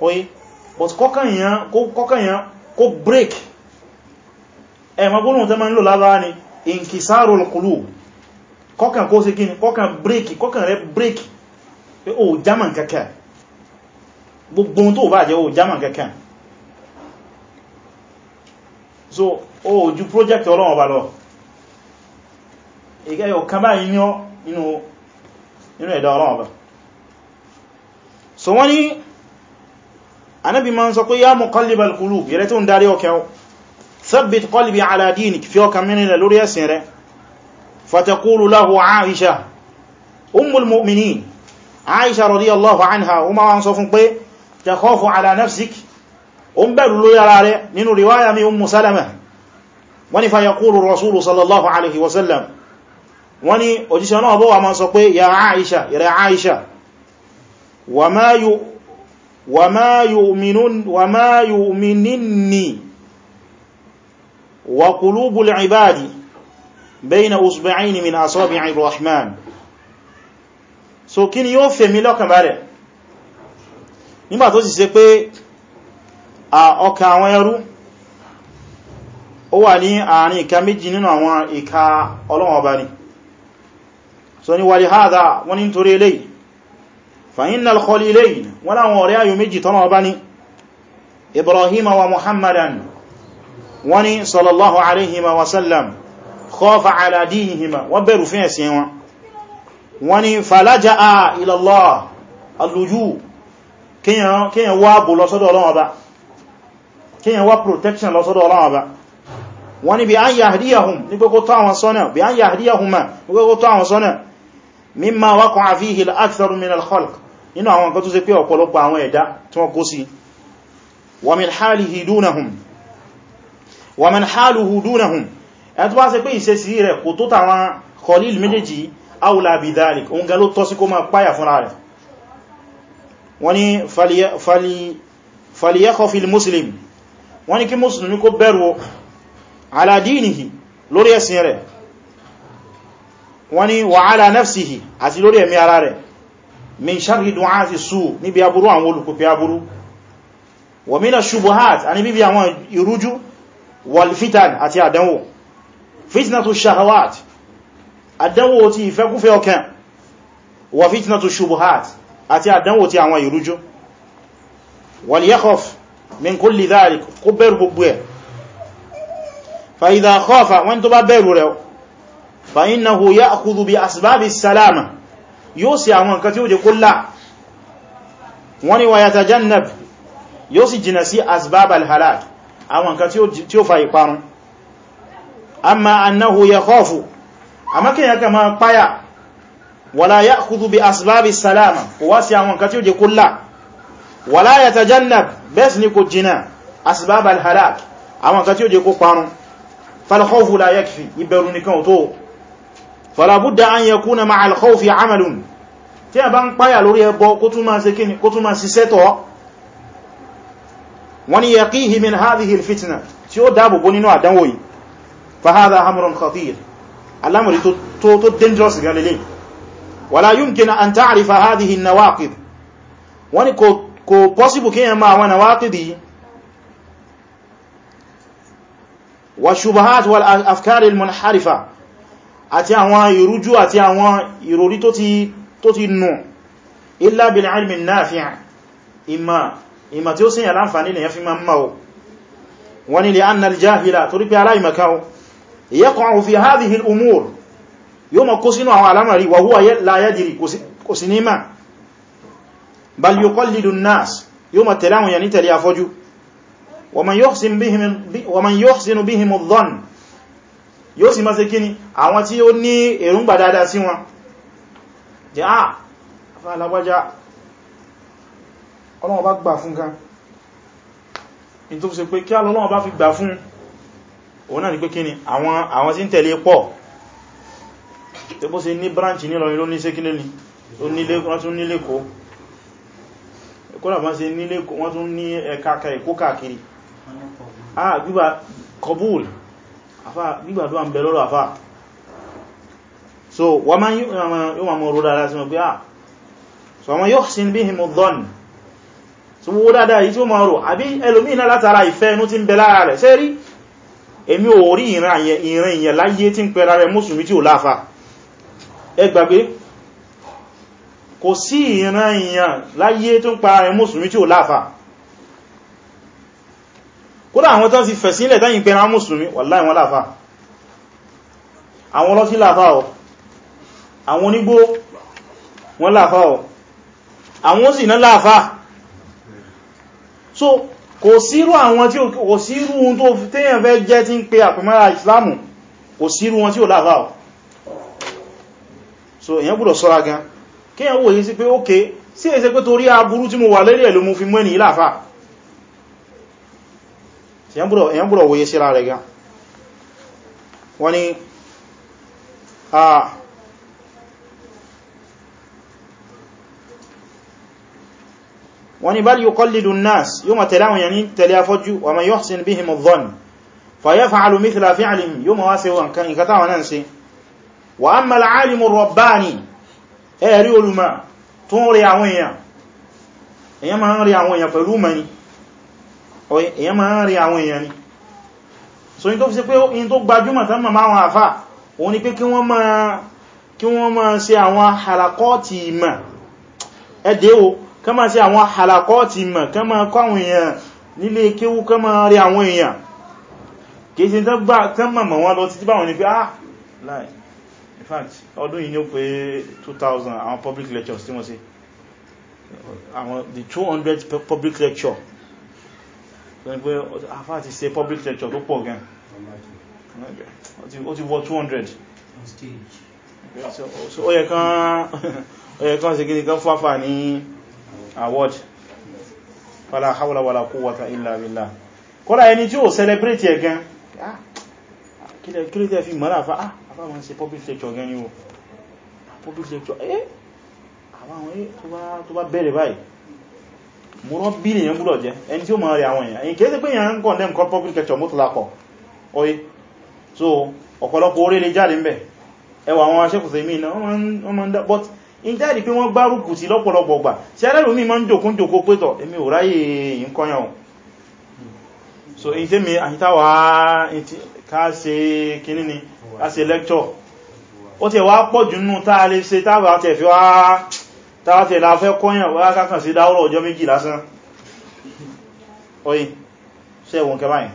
oye but kọkànyàn kó break ẹ̀mọ́ gbónú tẹ́ ma ń lò lára ní inkisarul qulub kọkàn kó sí kíni kọkàn break kọkàn rẹ break pé o german kankan gbogbo tó bá jẹ́ o german kankan so o ju project ọlọ́wọ́ bá lọ ìgẹ́ yóò kan báyìí ní ọ inú ẹ̀dà ọlọ́wọ́ bá so wọ́n ni anábi ma ń sọ pé ya muqallibal qulub yẹrẹ tó ń darí ọkẹ́ o thabbit qalbi ala dinik fi ọkàn mẹ́rinlẹ̀ lórí ẹ̀sìn rẹ̀ fatakulu lahu aisha ummul mu'minin aisha radiyallahu anha o ma wọ́n sọ fún pé takhafu ala nafsik o ń bẹ̀rù lórí ara rẹ̀ nínú riwaya mi ummu salama wani fa yaqulu rasulu sallallahu alaihi wasallam wani òjíṣẹ́ náà bọ́wà ma sọ pé ya aisha yẹrẹ aisha wa ma yu وما يؤمنون وما يؤمنني وقلوب العباد بين اصبعين من اصابع الرحمن so kíni yóò fẹ́ mi lọ́kàn bare nígbà tó sì ṣe pé a ọkàn àwọn ẹrú ó wà ní àárín ìka méjì nínú àwọn ìka Ọlọ́run Ọba ni so ni wali hadha wọ́n ní nítorí eléyìí fàyínà al-Khalilayn wọ́n láwọn ọ̀rẹ́ ayò méjì tọ́nà ọba ní ibrahima wa muhammadan wọ́n ni sallallahu alaihima wasallam khawfa ala dinihima wọ́n bẹ̀rù fún ẹ̀sìn wọn wọ́n ni falaja'a ila Allah alójú kíyàn wá bò lọ́sọ́dọ̀ Ọlọ́run ọba kíyàn wá protection lọ́sọ́dọ̀ Ọlọ́run ọba wọ́n ni bí an yahdiyahum ní kókó tó àwọn sọ́nà bí an yahdiyahuma ní kókó tó àwọn sọ́nà mimma waqa'a fihi al min al-khalq nínú àwọn nǹkan tó ṣe pé ọ̀pọ̀lọpọ̀ àwọn ẹ̀dá tí wọ́n kó sí wa min halihi dunahum wa man haluhu dunahum ẹ̀tọ́ bá ṣe pé ìṣesí rẹ̀ kò tó tàwọn khalil méjèèjì awla bi dhalik òun gan ló tọ́ sí kó máa páyà fúnra rẹ̀ wọ́n ni falyakhafil muslim wọ́n ni kí mùsùlùmí kó ala dinihi lórí ẹ̀sìn rẹ̀ wọ́n wa ala nafsihi àti lórí ẹ̀mí ara rẹ̀ min sharri du'ati su níbi aburú àwọn olùpẹ̀pẹ̀ aburú wa mina shubuhat àní bíbi àwọn ìrújú wal fitan àti àdánwò fitnatu shahawat àdánwò ti ìfẹ́kúfẹ́ ọkàn wa fitnatu shubuhat àti àdánwò ti àwọn ìrújú wal yakhaf min kulli dhalik kó bẹ̀rù gbogbo ẹ̀ fa idha khafa wọn tó bá bẹ̀rù rẹ̀ fa innahu ya'khudhu bi asbabi salama yóò ṣe àwọn nǹkan tí ó jẹ kó là wọ́n ni wa yatajannab yóò sì jìnà sí asbab al-halak àwọn nǹkan tí ó fa ìparun amma annahu yakhafu àmọ́ kí yaka ma páyà wala ya'khudhu bi asbabi salama wá sí àwọn nǹkan tí ó jẹ kó là wala yatajannab bẹ́ẹ̀ sì ni kò jìnà asbab al-halak àwọn nǹkan tí ó jẹ kó parun fal la yakfi ìbẹ̀rù nìkan ò tó fara budda an ya kuna ma khawfi 'amalun tí a bá ń páyà lórí ẹbọ kó tún ma ṣe kíni kó tún máa ṣiṣẹ́ tọ́ min hadhihi al-fitna tí ó dabo bó nínú àdánwò yi fa hadha amrun khatir alamuri tó tó dangerous gan lele wala yumkin an ta'rifa hadhihi an-nawaqid wọ́n ni kò possible kí yẹn máa wọn nawaqid won ni ko possible ki ma maa won nawaqid yii wa shubahat wal afkar al-munharifa àti àwọn ìrújú àti àwọn ìròrí tó ti nù illa bil ilmi nafi' ìmà ìmà tí ó sínyà láǹfàní lè yẹn fi máa mọ́ wọ́n ni li anna al-jahila torí pé aláìmọ̀ká yaqa'u fi hadhihi al-umur yóò mọ̀ kó sínú àwọn alamari wa huwa la yadri kò sí ní ma bal yuqallidu an yóò sì máa ṣe kíni àwọn tí ó ní èròǹgbà dáadáa sí wọn jẹ́ ah, àà afẹ́ alágbájá ọlọ́wọ́ bá gbà fún kan in tó fi ṣe pé kí alọ́lọ́wọ́ bá fi gbà fún òun náà ni pé kíni àwọn tí ń tẹ̀lé e pọ̀ tó bó ṣe ní branch ní lọrin ló ni wọ́n tún nílé ah gbígbà kọbúl nígbàdúwà ń bẹ lọ́rọ̀ àfà so wọ́n máa yíò máa mọ̀ rọ́dá láti mọ̀ pé à ah, so wọ́n yóò sin bí himu dọ́n so wó dáadáa yìí tí ó máa rò àbí ẹlòmí iná látara ìfẹ́ inú tí ń bẹ lára rẹ̀ sẹ́rí èmi ò rí ìran ìyẹn láyé tí ń pẹ̀lá rẹ̀ mùsùlùmí tí ò láfa ẹ gbàgbé kò sí ìran ìyẹn láyé tó ń pa rẹ̀ mùsùlùmí tí ò láfa kódà àwọn tán ti fẹ̀sílẹ̀ tẹ́yìn pẹ̀lú àwọn mùsùlùmí wàláì wọn láfà àwọn ọlọ́sí láfà ọ̀ àwọn onígbó wọn láfà ọ̀ àwọn ó sì ná láfà so kò sírú àwọn tí kò sírú ohun tó tẹ́yàn fẹ́ jẹ́ tí ń pe àpẹmọ́ra islamu kò sírú wọn tí ò láfà ọ̀ so èyàn gbọ́dọ̀ sọ́ra gan kí èyàn wòye sí pé ókè sí èsẹ́ pé torí aburú tí mo wà lérí ẹ̀ ló mú fi mọ́ láfà èyàn búrọ̀ wòye síra rẹ̀ gan wọ́n ni a wọ́n ni bal yuqallidu an-nas yóò ma tẹ̀lé àwọn yàní tẹ̀lé afọ́jú wa man yuhsin bihim adh-dhann fa yaf'alu mithla fi'lihim yóò ma wá sí wọn kan ìkàtà wọn náà sí wa amma al-alimu ar ẹ̀rí olùmọ̀ tó rí àwọn èèyàn èyàn máa ń rí àwọn èèyàn ni so in tó fi sí pé in tó gbajúmọ̀ tán mọ̀ máa àfà òun ni pé kí wọ́n máa kí wọ́n máa ṣe àwọn halakọ́ọ̀tì ìmọ̀ ẹ̀dẹ́ o kán máa ṣe àwọn halakọ́ọ̀tì ìmọ̀ kán máa kọ́ àwọn èèyàn nílé kíwú kán máa rí àwọn èèyàn kìí ṣe tán mọ̀ 2000 ah, àwọn public lectures tí wọ́n the 200 public lecture tó ní pé afá ti public lecture tó pọ̀ gan ó ti wọ 200 so ó yẹ kán sí gini kan fáfà ní award fala hawla wala quwwata illa billah kọ́lá ẹni tí ó celebrate ẹ̀ gan ah, kílẹ̀ fi mọ́lá afá ah, afá wọn ṣe public lecture gan ni public lecture eh àwọn eh, tó bá bẹ̀rẹ̀ báyìí murabbi lèyàn gbúdọ̀ jẹ́ ẹni tí ó máa rí àwọn èèyàn èyí kéèsì pé èèyàn ń kọ̀ lẹ́m kọ́ public lecture mutlaqo oye so ọ̀pọ̀lọpọ̀ orí lè jáde ń bẹ̀ ẹwà àwọn aṣẹ́kùsẹ̀ mí náà wọ́n máa ń dá but in jáde pé wọ́n gbárùkù sí lọ́pọ̀lọpọ̀ gbà sí alẹ́rù mi máa ń jòkó jòkó pé tọ̀ èmi ò ráyè ìkọyàn so in tẹ́mi àyítáwà ká ṣe kíní ni ká ṣe lecture ó ti wá pọ̀ jù nù táa lè ṣe tábà tẹ̀ fi wá tààtẹ̀ láfẹ́ kọ́yàn wá kákan sí dáwọ́rọ̀ ọjọ́ méjì lásán oye ṣẹ́wọ̀n kẹbáyìn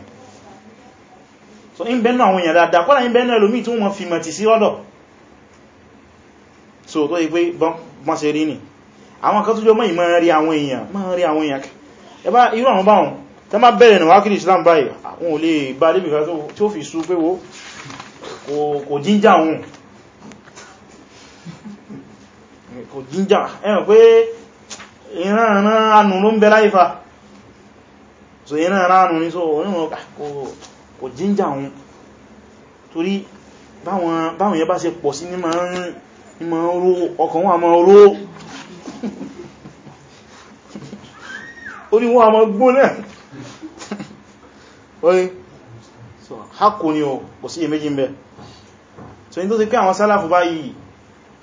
so in bẹ́nu àwọn èèyàn dáadáa kọ́lá in bẹ́nu ẹlòmí tí wọ́n fi mẹ̀tì sí lọ́dọ̀ so tó yí pé bọ́n ṣe rí nì àwọn kan tó jọ mọ́ ìmọ̀ rí àwọn èèyàn mọ́ rí àwọn èèyàn ẹbá irú àwọn báwọn tẹ́ má bẹ̀rẹ̀ ní wákìlì Islam báyìí àwọn ò lè bá débìkan tó fi sú pé wo kò jíjà òun kò jíjà ẹ̀rùn pé ìran anù ló ń bẹ láìfà so ìran anù ní so onímọ̀ kò jíjà wọn torí báwọn yẹ bá ṣe pọ̀ sí ní ma ń ró ọkàn wọn a ma ró orí wọn a ma gbóná orí so ha kò ní o kò sí èméjì ń bẹ so ní tó ti pé àwọn sálàfù báyìí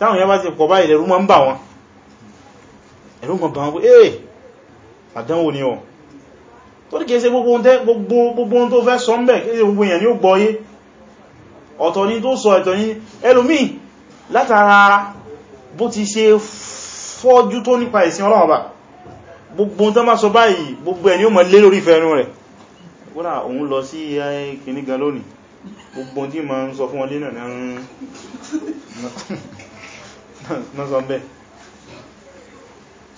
táwọn yẹn bá ti pọ̀ báyìí ẹ̀rù ma ń bà wọn ẹ̀rù ma bà wọn pé eh àdánwò ni ọ tó ní kèése gbogbo ohun tó fẹ́ sọ ń bẹ̀ gbogbo èèyàn ni ó gbọ́yé ọ̀tọ̀ ni tó sọ ẹ̀tọ̀ ni ẹlòmí látara bó ti ṣe fọ́jú tó nípa ìsìn Ọlọ́run Ọba gbogbo ohun tó má sọ báyìí nọ́sọ̀ bẹ́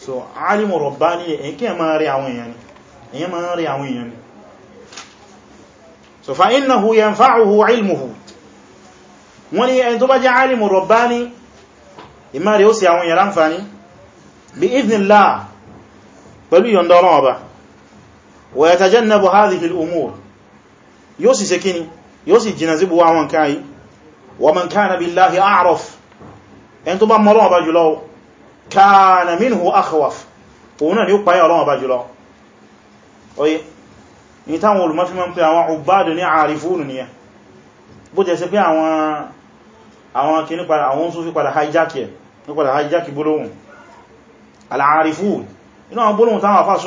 so alimu rabbani èyí kí ẹ máa rí àwọn ni èyí máa rí àwọn èèyàn ni so fa innahu yanfa'uhu ilmuhu wọ́n ni ẹni tó bá jẹ́ alimu rabbani ìmá rí ó sì àwọn èèyàn láǹfàní bí idhnillah pẹ̀lú yọ̀ndọ́ ọlọ́wọ́ ba wa yatajannabu hadhihi al-umur yóò sì ṣe kíni yóò wa man kana billahi a'raf ẹni tó bá mọ̀ Ọlọ́run bá jùlọ kana minhu akhwaf òun náà ni ó páyà Ọlọ́run bá jùlọ oye ní táwọn olùmọ́fí mọ́ pé àwọn ọgbádù ní àrífúnù ni ẹ bó jẹ́ sí pé àwọn kìí padà àwọn Sufi padà hijack ẹ̀ ní padà hijack gbólóhùn al-àrífún inú àwọn gbólóhùn táwọn àfáà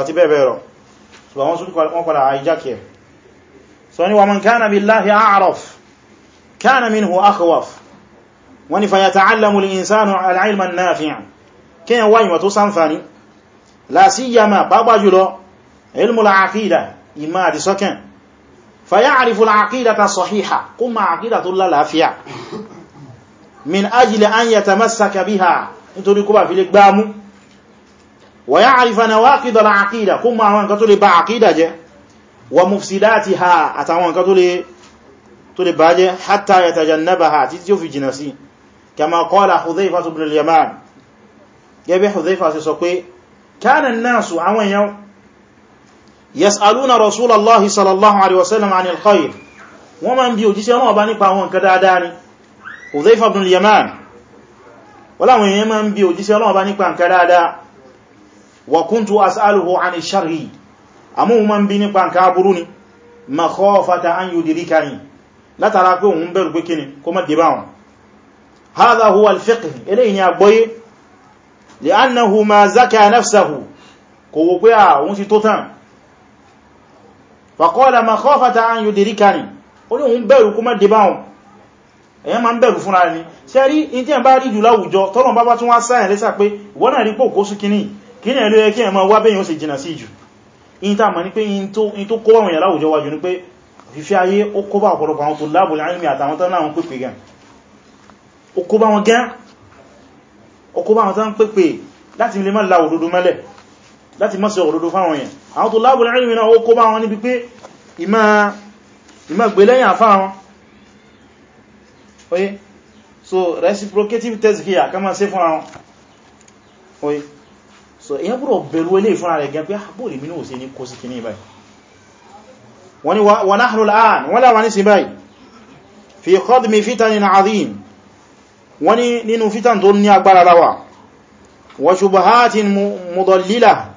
àti bẹ́ẹ̀ bẹ́ẹ̀ rọ̀ so àwọn súnfí wọ́n padà àìjákẹ̀ so ni wa man kana billahi a'raf kana minhu akhwaf wọ́n ni fa yata'allamu al-insanu al-ilma an-nafi'a kí yẹn wáyìí wà tó sánfàní la siyama pàápàá jùlọ ilmul aqida ìmá àti sọ́kẹ̀n fa ya'rifu al-aqidata as-sahiha kó aqida tó lálàáfíà min ajli an yatamassaka biha nítorí kó bá fi lè gbámú ويعرف نواقض العقيدة كما هو أنك تولي بعقيدة جي ومفسداتها أتعوى أنك تولي تولي باجي حتى يتجنبها تتيو في جنسي كما قال حذيفة بن اليمان يبي حذيفة سيسوكي كان الناس عوان يو يسألون رسول الله صلى الله عليه وسلم عن الخير ومن بيو جيسي أنا أباني باهون كداداني حذيفة بن اليمان ولا وين يمن بيو جيسي أنا أباني باهون كداداني wa kuntu as'aluhu 'ani sharri àmọ́ ma ń bí nípa nǹkan aburú ni makhafata an yudrikani látara pé òun bẹ̀rù pé kíni kó má dìbà wọn hadha huwa al-fiqh eléyìí ni àgbọ́yé li'annahu ma zaka nafsahu kò wò pé àwọn ti tó tán faqala makhafata an yudrikani ó ní òun bẹ̀rù kó má dìbà wọn èyàn ma ń bẹ̀rù ni ṣe rí in tí ẹ̀ bá rí jù láwùjọ tọ́lọ̀ bá bá tún wá sáyẹ̀ lẹ́sà pé wọ́n náà rí pò kó sú kíní kí ní ẹ̀lú ẹ kí ẹ ma wá bẹ́yìn ó sì jìnà sí jù in ta ma ní pé in tó kó àwọn ìyàláwò jọwà jù ní pé fífẹ́ ayé ó kó bá ọ̀pọ̀lọpọ̀ àwọn tó lábòlá ní àtàwọn tán láwọn pèpè gan ó kó bá wọn gan ó oye so reciprocative test here ká máa ṣe fún oye so èyàn búrò bẹ̀rù ilé ìfúnra rẹ̀ gẹ́ pé àbúrò mi náà sí ní kó sí kì ní ìbáyìí wọ́n ni wọ́n náà l'áàn wọ́n láwá ní sí báyìí fi qadmi fitanin azim wọ́n ni nínú fitan tó ní agbára lawa wa shubahatin mudallila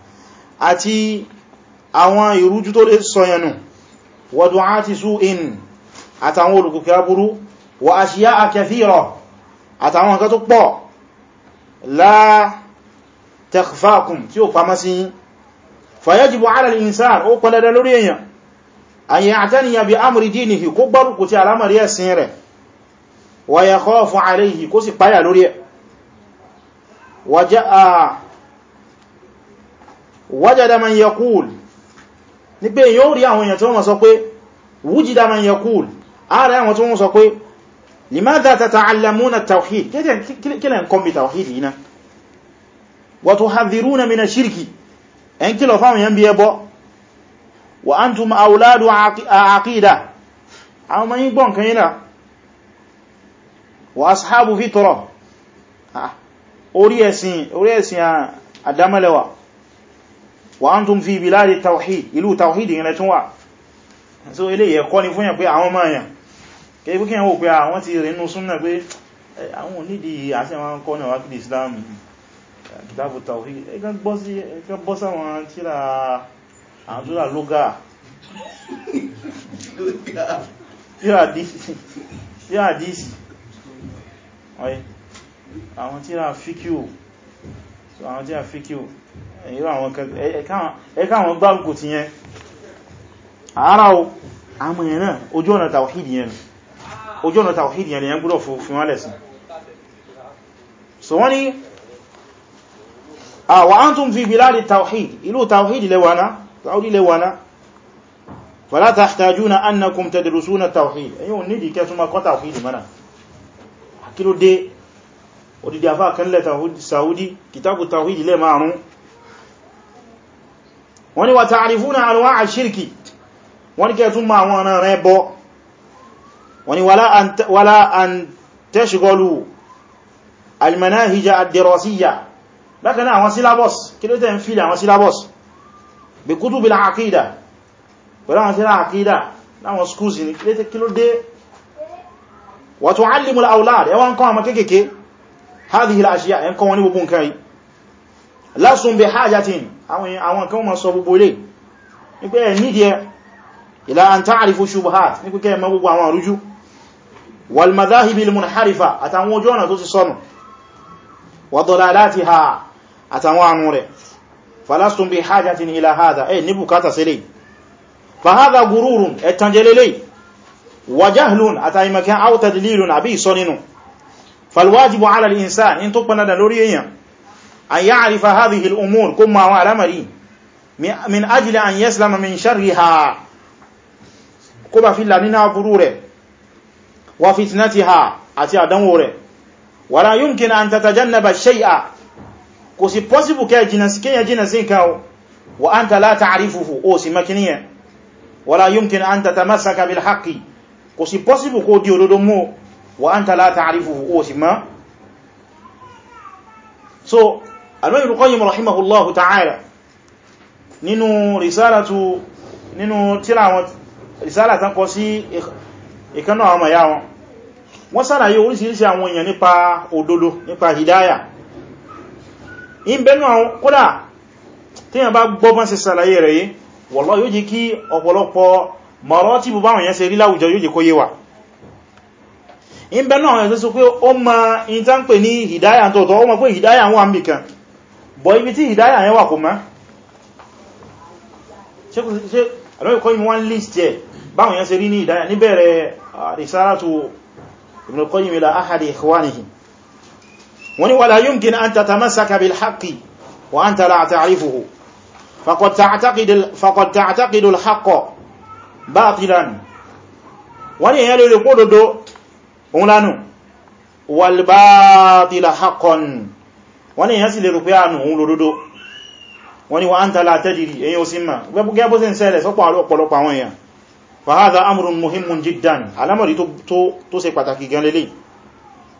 àti àwọn ìrújú tó lè sọyẹnu wa du'ati su'in àtàwọn olùkùnkà burú wa ashiya'a kathira àtàwọn nǹkan tó pọ̀ láà takhfaakum tí ó pamọ́ sí yín fayajibu ala al-insan ó pẹ̀lẹ̀ da lórí èyàn an ya'taniya bi amri dinihi kó gbárùkù ti alamari ẹ̀sìn rẹ̀ wa yakhafu alayhi kó sì páyà lórí ẹ̀ wajada man yaqul ní pé yóò rí àwọn èyàn tí wọ́n sọ pé wujida wa tuhadhiruna min ash-shirki ẹn kìlọ̀ fáwọn yẹn bí ẹbọ wa antum awladu aqida àwọn ọmọ yín gbọ́ nǹkan yìí náà wa ashabu fitra orí ẹ̀sìn orí ẹ̀sìn àdámẹ́lẹ́wà wa antum fi biladi tawhid ìlú tawhid yìí rẹ̀ tún wà so ilé ẹ̀kọ́ ni fún yẹn pé àwọn kìtàbù tàwí ẹgbẹ́ bọ́ sáwọn tíra àwọn tíra lóga tíra àdísì ọ̀yẹ́ àwọn tíra fíkíò àwọn tíra fíkíò ẹ̀ká àwọn gbárùkù ti yẹn ara o àmì ẹ̀ náà ojú ọ̀nà tàwíìdì yẹn ojú ọ̀nà tàwíìdì yẹn lè yẹn gbúrọ̀ fún wọn lẹ́sìn so wọ́n ni Ah, wa antum fi biladi tawhid ìlú tawhid lẹ́wàná saudi lẹ́wàná fala tahtajuna annakum tadrusuna tawhid ẹ̀yin ò nídìí kẹ́ tún máa kọ́ tawhid mọ́nà àkílò dé odidi afá kanlẹ̀ saudi kitabu tawhid lẹ́ márùn wọ́n ni wa ta'rifuna anwa'a shirki wọ́n ni kẹ́ tún máa wọn rẹ̀ bọ́ wọ́n ni wala an tashghalu al manahij ad-dirasiyya bákanáà àwọn syllabus kí ló tẹ́ ń fílẹ̀ àwọn syllabus bí kútù bí láàkídà pẹ̀lú àwọn sílá àkídà láwọn schools ní kí ló dé wa tu'allimu al-awlad ẹwà ń kọ́ àmà kéèkéé hadhihi al-ashya ẹ̀ ń kọ́ wọn ní gbogbo nǹkan yìí lasun bi hajatin àwọn kan ma sọ gbogbo wa dalalatiha àtàwọn àánú rẹ̀ falastum bi hajjatin ila hadha ẹ ní bukata sílẹ̀ fahadha gururun ẹ̀tànjẹ́lẹ́lẹ́ wajahlun àtàìmọ̀kẹ́ autadilirun àbí ìsọ nínú falwajibu ala al-insan in tó pọ̀nà da lórí èyàn an ya'rifa hadhihi al-umur kó ma wọn alamari min ajli an yaslama min sharriha kó ba fi lamina an tatajannaba shay'a kò sí possible kẹ́ jìnà sí kíyàn jìnà sí nǹkan o wa anta la ta'rifuhu o sì makiniya wala yumkin an tatamassaka bil haqqi kò sí possible kó di òdodo mú wa anta la ta'rifuhu o sì ma so alwai rukoyin rahimahullahu ta'ala nínú risalatu nínú tírà wọn risala tan kọ sí ìkanná àwọn mayawon wọ́n ṣàlàyé orísìírísìí àwọn èèyàn nípa in bẹnu àwọn kódà tí yàn bá gbọ́bọ́n sí sàlàyé rẹ̀ yìí wọ́lọ́ yóò jí kí ọ̀pọ̀lọpọ̀ mọ̀rọ̀ tí bú báwọn yẹn ṣe rí láwùjọ yóò jí kó yé wa in bẹnu àwọn ẹ̀sẹ̀ sọ pé ó ma in tá ń pè ní hidaya tóòtọ́ ó mọ̀ pé hidaya wà ń bì kan bọ̀ ibi tí hidaya yẹn wà kò mọ́ ṣe àlọ́yìn kọ́ yìí wọ́n list yẹ báwọn yẹn ṣe rí ní hidaya níbẹ̀rẹ̀ ah, risalatu Ibn Qayyim ila ahadi ikhwanihi wani wala yumkin an tatamasaka bil haqqi wa anta la ta'rifuhu faqad ta'taqidu faqad ta'taqidu al haqqa batilan wani eyan le ko dodo ohun lanu wal batila haqqan wani eyan sì lè rò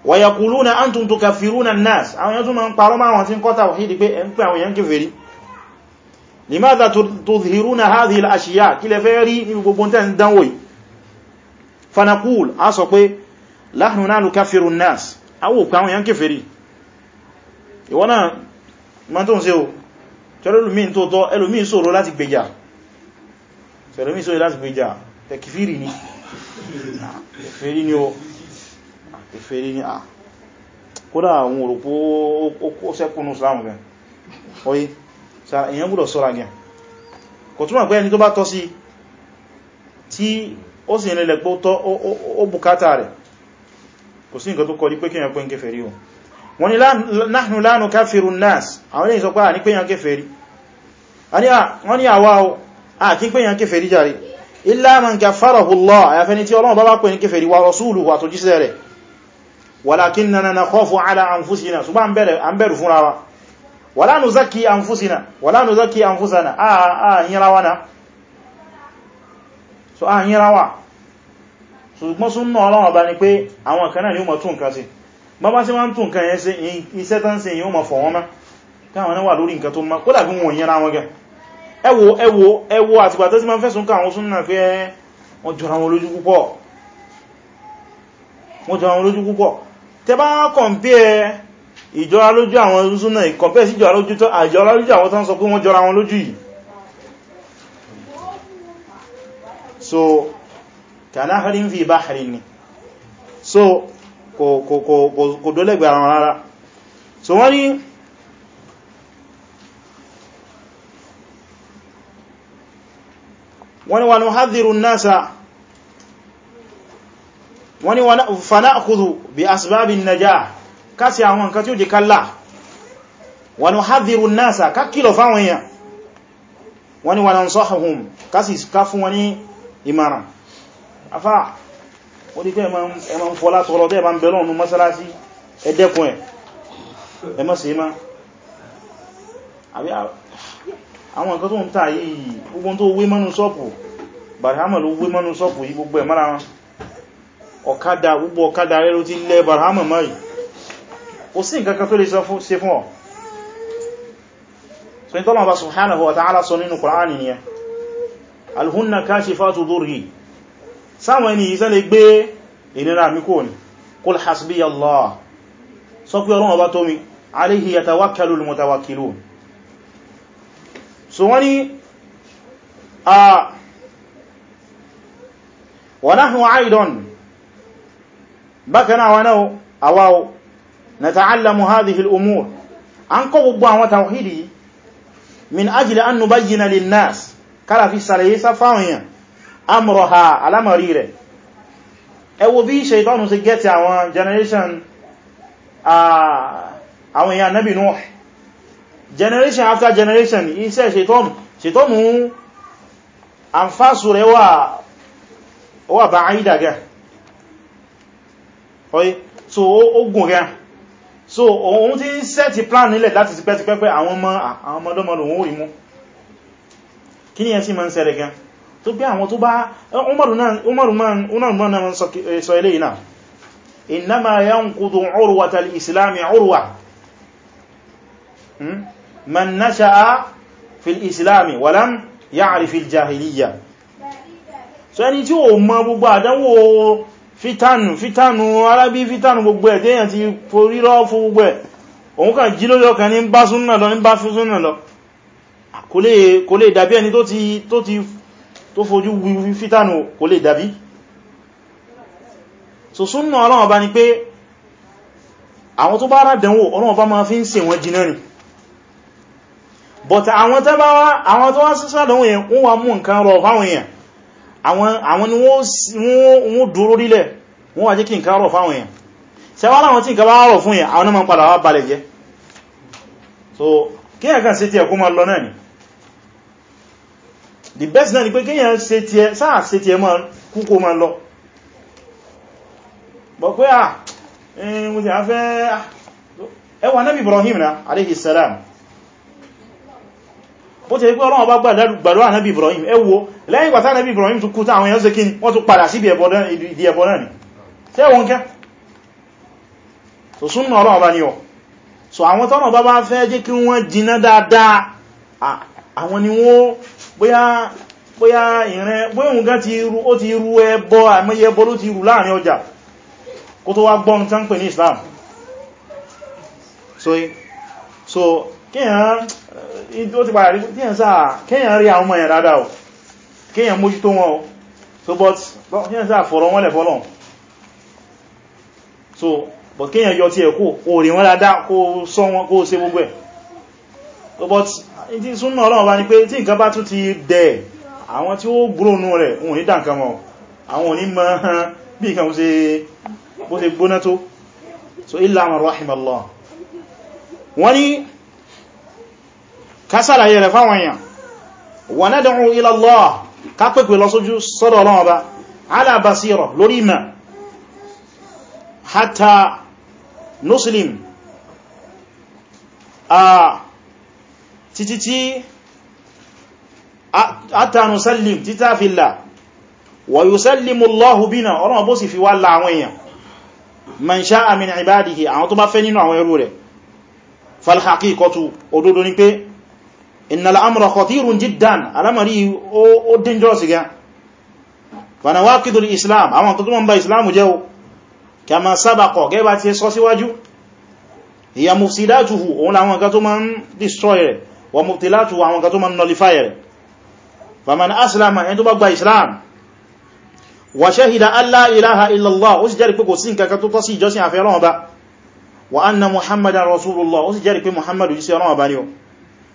wa yaquluna antum tukaffiruna an-nas àwọn yẹn tún ma ń parọ́ máa wọn tí ń kọ́ tawhid pé ẹ ń pè àwọn yẹn kèfèrí limadha tudhhiruna hadhihi al-ashiya kí lẹ fẹ́ rí ní gbogbo tẹ́ ń dánwò yìí fanakul a sọ pé nahnu la nukaffiru ni kèfèrí ni o ìfẹ́ ní à ah, kódà àwọn èyàn sọ́ra kò túnmà pé ẹni tó bá tọ́ sí tí ó sì pé ó rẹ̀ kò sí nǹkan tó kọ́ di pé kíyàn pé ń o wọ́n ni nahnu la nukaffiru o a kí pé yàn kèfèrí jàre illa man ọhụrụ Allah àyàfẹ́ni tí Ọlọ́run bá bá pè ní kèfèrí wa rasuluhu àtòjíṣẹ́ ولكننا نخاف على انفسنا سبحان امبر امبر فراوا ولا نزكي انفسنا ولا نزكي انفسنا اه اه يراونا so na yin rawa so na sun no Ọlọ́run bá ní pé àwọn kan náà ni ma ba ṣe ma tún kan ya ṣe iṣẹ́ tán ṣe yi ó ma fọ́ ma ka wọn wà lórí nǹkan ma da wọn wọn àti na wọn jọra wọn lójú púpọ̀ tẹ bá compare ìjọra lójú àwọn súnà compare sí ìjọra lójú àjọra lójú àwọn tán sọ pé wọ́n jọra wọn lójú yìí so kanáhàrín fi báhàrín ni so kò dólẹ́gbẹ̀ àwọn rárá so wọ́n ní wọ́n ni wọ́n ni wọ́n ni wọ́n wọ́n ni fana'khudhu bí asbábi najah kásí àwọn nǹkan tí ó jẹ kálà wa nuhadhdhiru an-nasa ká kìlọ̀ fáwọn èèyàn wọ́n ni wa nansahhum kásí ká fún wọn ní ìmọ̀ràn afá ó di pé ẹmọ ń fọlá tọrọ bẹ́ẹ̀ bá ń bẹ̀rọ ọ̀nà mọ́sálásí ẹdẹ́kùn ẹ̀ ẹmọ́ sí má àwọn nǹkan tó ń tà yìí gbogbo tó wé mọ́nú sọ́pù bàrámà ló wé mọ́nú ọ̀kadà gbogbo ọ̀kadà rẹ̀ ló ti lẹ́ barhama mọ́ yìí ó sì nǹkan tó lè ṣe fún ọ so ní tọ́lọ̀ bá subhanahu wa ta'ala sọ nínú Kùránì ni alhunna kashifatu dhurri sáwọn ẹni yìí sẹ́lẹ̀ gbé ìnira mi kò ní kul hasbiya Allah sọ pé Ọlọ́run ọba tó mi alayhi yatawakkalu almutawakkilun so wani a wa nahnu aidan bákaná àwọn náà àwáwò na ta'allamu hadhihi al'umur an kọ́ gbogbo àwọn tawhidi min ajili an nubayyana lin nas kára fi sàlàyé sáfáwọn yàn amurha alamari rẹ̀ ẹwọ bí ṣeitọ́nù sí gẹ́ẹ̀tì àwọn generation àwọn èèyàn nabi Nuh generation after generation iṣẹ́ ṣeitọ́nù ṣeitọ́nù àǹfàṣù rẹ̀ wà ba'ida gan oye so ó gùn rẹ̀ so òun ti ń sẹ́ẹ̀tì plan nílẹ̀ láti ti pẹ́ti pẹ́pẹ́ àwọn ọmọ àwọn ọmọdọ́mọ lòun ó rí mú kí ni ẹ sí ma ń ṣẹlẹ̀ gan tó bí àwọn tó bá Umaru náà sọ ilé eh, náà innama yanqudu urwata al-islami urwa hmm? man nasha'a fil islami walam so ẹni tí ó mọ gbogbo fítànù fítànù arábí fítànù gbogbo ẹ̀ tẹ́yàn ti forírọ́ fún gbogbo ẹ̀ òun kàn jí lórí ọkàn ní ń bá súnnà lọ ní ń bá súnnà lọ kò lè dàbí ẹni tó ti tó ti tó fojú wíwí fítànù kò lè dàbí so súnnà Ọlọ́run bá ní pé àwọn tó bá rádẹ̀wò Ọlọ́run bá máa fi ń ṣe wọ́n jiná ni but àwọn tó wá sísádẹ̀wò yẹn wọ́n wá mú nǹkan rọ̀ fáwọn èèyàn àwọn ni wọ́n dúró rílẹ̀ wọ́n wà jẹ́ kí nǹkan rọ̀ fáwọn èèyàn ṣe wá láwọn tí nǹkan bá rọ̀ fún èèyàn àwọn náà ma ń padà wá balẹ̀ jẹ́ so kíyàn kan ṣe tí ẹ kó ma lọ náà ni the best náà ni pé kíyàn ṣe tí ẹ sáà ṣe tí ah, eh, ah, ẹ ma kúkó ma lọ bọ̀ pé à ẹwà náà Ibrahim náà alayhi salam bó ti pé Ọlọ́run bá gbàdúrà Ànábì Ibrahim ẹ wò lẹ́yìn gbàtà Ànábì Ibrahim tún kú táwọn èèyàn ṣe kí wọ́n tún padà sí ìdí náà ni ṣe wọ́n kẹ́ so súnnà Ọlọ́run bá so àwọn tọ́nà bá bá fẹ́ jẹ́ kí wọ́n jiná dáadáa àwọn ni wọ́n bóyá bóyá ìrìn bóyún gá ti rú ó ti rú ẹbọ àmọ́yẹ ẹbọ so kíyàn àwọn so but kéyàn sáà fọ̀rọ̀ wọn lẹ̀ fọ́lọ̀ so but kéyàn yọ tí ẹ̀ kó o rí wọn dáadáa kó sọ wọn kó ṣe gbogbo ẹ̀ so but tí súnmọ́ Ọlọ́run bá ní pé tí nǹkan bá tún ti dẹ̀ àwọn tí ó gbóònú rẹ̀ òun ní dànkan mọ́ àwọn òní mọ́ bí nǹkan bó ṣe gbóná tó so illa man rahimallah wọ́n ni kásàlàyé rẹ̀ fáwọn èèyàn wa nad'u ila Allah kápẹ́pẹ́ lọ sójú sọ́dọ̀ Ọlọ́run Ọba ala basira lórí ìmọ̀ hatta nuslim a títí tí hatta nusallim títà fìlà wa yusallimu Allahu bina Ọlọ́run bó sì fi wá la àwọn èèyàn man sha'a min ibadihi àwọn tó innal amra khatirun jiddan alamari o dangerous gan fa nawaqidul islam àwọn tó tún ba islam jẹ́ o kama sabaqa ge ba ti sọ síwájú hiya mufsidatuhu on àwọn kan tó man destroy rẹ̀ wa mubtilatuhu àwọn kan tó man nullify rẹ̀ faman aslama en tó bá gba islam wa shahida an la ilaha illa allah ó sì jẹ́rìí pé kò sí nǹkan kan tó tọ́ sí ìjọsìn àfi Ọlọ́run ba wa anna muhammadar rasulullah ó sì jẹ́rìí pé muhammadu isi Ọlọ́run ba ni o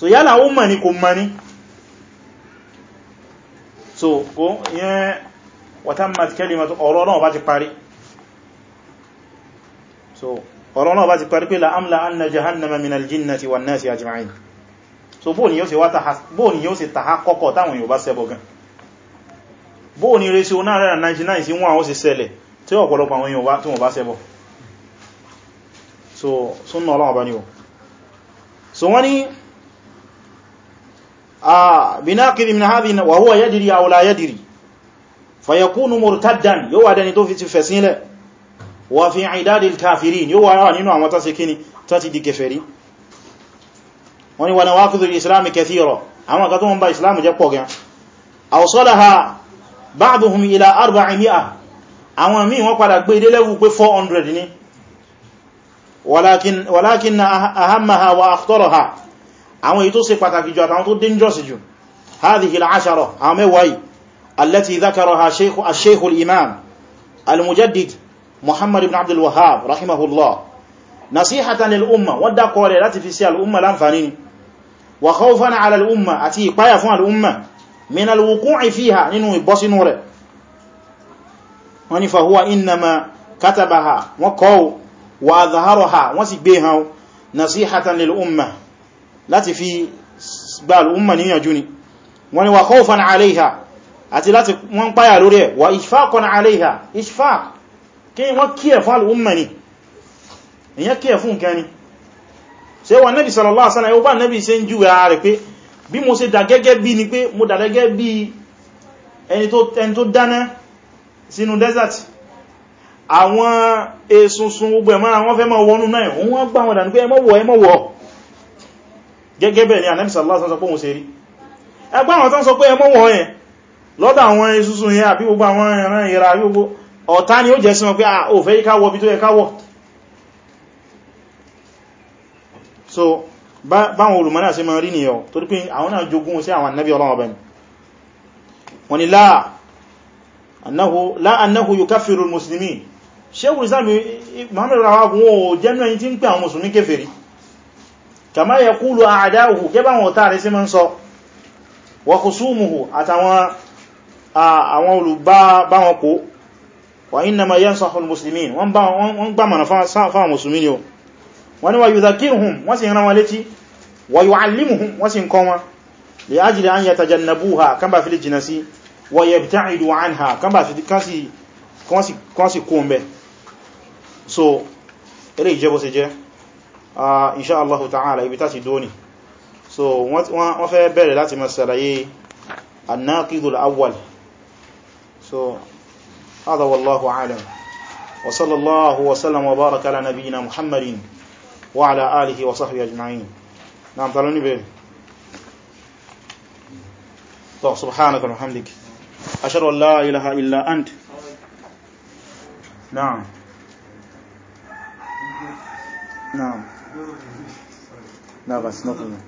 so yálà ó mọ̀ ní kò mọ̀ ní so kó yẹn watammat kalimatu ọ̀rọ̀ náà bá ti parí so ọ̀rọ̀ náà bá ti parí pé la'amla anna jahannama min aljinnati wan nasi ajma'in so bóò ni yóò ṣe tàhá kọ́kọ́ táwọn yóò bá ṣẹbọ gan bóò ni resí oná rẹ̀ 99 sí wọ́n àwọn sì ṣẹlẹ̀ tí ọ̀pọ̀lọpọ̀ àwọn yóò tí wọ́n bá ṣẹbọ so súnnà ọlọ́wọ́ bá ní o so wọ́n ni بناقض من هذه وهو يدري أو لا يدري فيكون مرتدا يو أدني توفي تفسيله وفي عداد الكافرين يو أنينو عم تسكيني تاتي دي كفري وني ونواقض الإسلام كثيرا أما قطوهم با إسلام جبقوا جان أوصلها بعضهم إلى أربعمائة àwọn míì wọ́n padà gbé ilé lẹ́wù pé 400 ولكن walakin walakin ahammaha àwọn èyí tó ṣe pàtàkì jù àtàwọn tó dangerous jù hadhihi al-ashara àwọn mẹ́wàá yìí allati dhakaraha ash-shaykh al-imam al-mujaddid muhammad ibn abdul wahhab rahimahullah nasihatan lil umma wadda kore láti fi ṣe al umma lánfààní ni wa khawfan ala àti ìpáyà fún al min al wuqu'i fiha nínú ibosinu rẹ̀ wani fa huwa innama katabaha wa qaw wa adhharaha wasi bihan e nasihatan lil umma láti fi gba al'umma níyànjú ni wọ́n ni wa khawfan alayha àti láti wọ́n páyà lórí ẹ̀ wa ishfaqan alayha ishfaq kí wọ́n kí ẹ̀ fún al'umma ni èyàn kí ẹ̀ fún nǹkan ni ṣe wọ́n nẹ́bì sallallahu alaihi wasallam yóò bá nẹ́bì ṣe ń jú ara rẹ̀ pé bí mo ṣe dà gẹ́gẹ́ bí ni pé mo desert àwọn esunsun gbogbo ẹ̀mọ́ra wọ́n fẹ́ mọ́ wọnú náà wọ́n gbá wọn pé ẹmọ́wọ̀ ẹmọ́wọ̀ gẹ́gẹ́ bẹ́ẹ̀ ni Ànábì sallallahu alaihi wasallam sọ pé òun ṣe rí ẹgbẹ́ àwọn tán sọ pé ẹmọ́ wọ́n yẹn lọ́dọ̀ àwọn esusun yẹn àbí gbogbo àwọn ẹran ìra gbogbo ọ̀tá ni ó ah, tó rí pé àwọn náà jogún sí àwọn Ànábì Ọlọ́run bẹ́ẹ̀ wọ́n ni láà annahu la annahu yukaffiru al-muslimin Shaykhul rawagun o jẹ́nu ẹni tí ń pè àwọn mùsùlùmí kéfèrí kama yaqulu a'da'uhu gẹ́bà wọn tàà rẹ̀ sí mọ́ ń sọ wa khusumuhu àtàwọn àwọn olùbá wọn kó wa innama yansahu al-muslimin wọ́n gbà mọ̀nà fáwọn musulmi ni o wọ́n ni wa yudhakiruhum wọ́n sì rán wọn létí wa yu'allimuhum so ilé ìjẹ́bọ́ jẹ́ insha Allah ta'ala ibi tàti dóní so wọ́n fẹ́ bẹ̀rẹ̀ láti máa ṣàlàyé annaqidul awwal so hada wallahu alam wa sallallahu wa sallam wa baraka ala nabiyyina muhammadin wa ala alihi wa sahbihi ajma'in na'am taloni be to subhanaka alhamdik ashhadu an la ilaha illa ant na'am na'am No, that's not in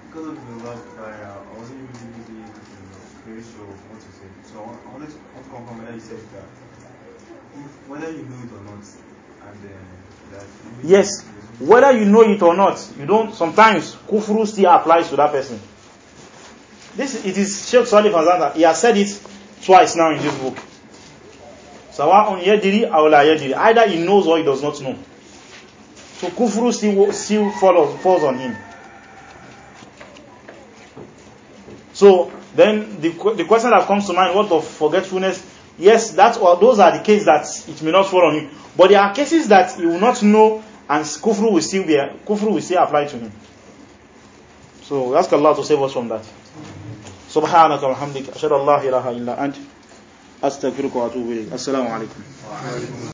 Yes, whether you know it or not, you don't, sometimes kufru still applies to that person. This, it is Sheikh Salih Fazanda. He has said it twice now in this book. Sawa on yediri, awla yediri. Either he knows or he does not know so kufru still, still follows, falls on him so then the, the question that comes to mind what of forgetfulness yes that or those are the cases that it may not fall on him but there are cases that he will not know and kufru will still be kufru will still apply to him so ask Allah to save us from that سبحانك وبحمدك اشهد ان لا اله الا انت استغفرك واتوب اليك السلام عليكم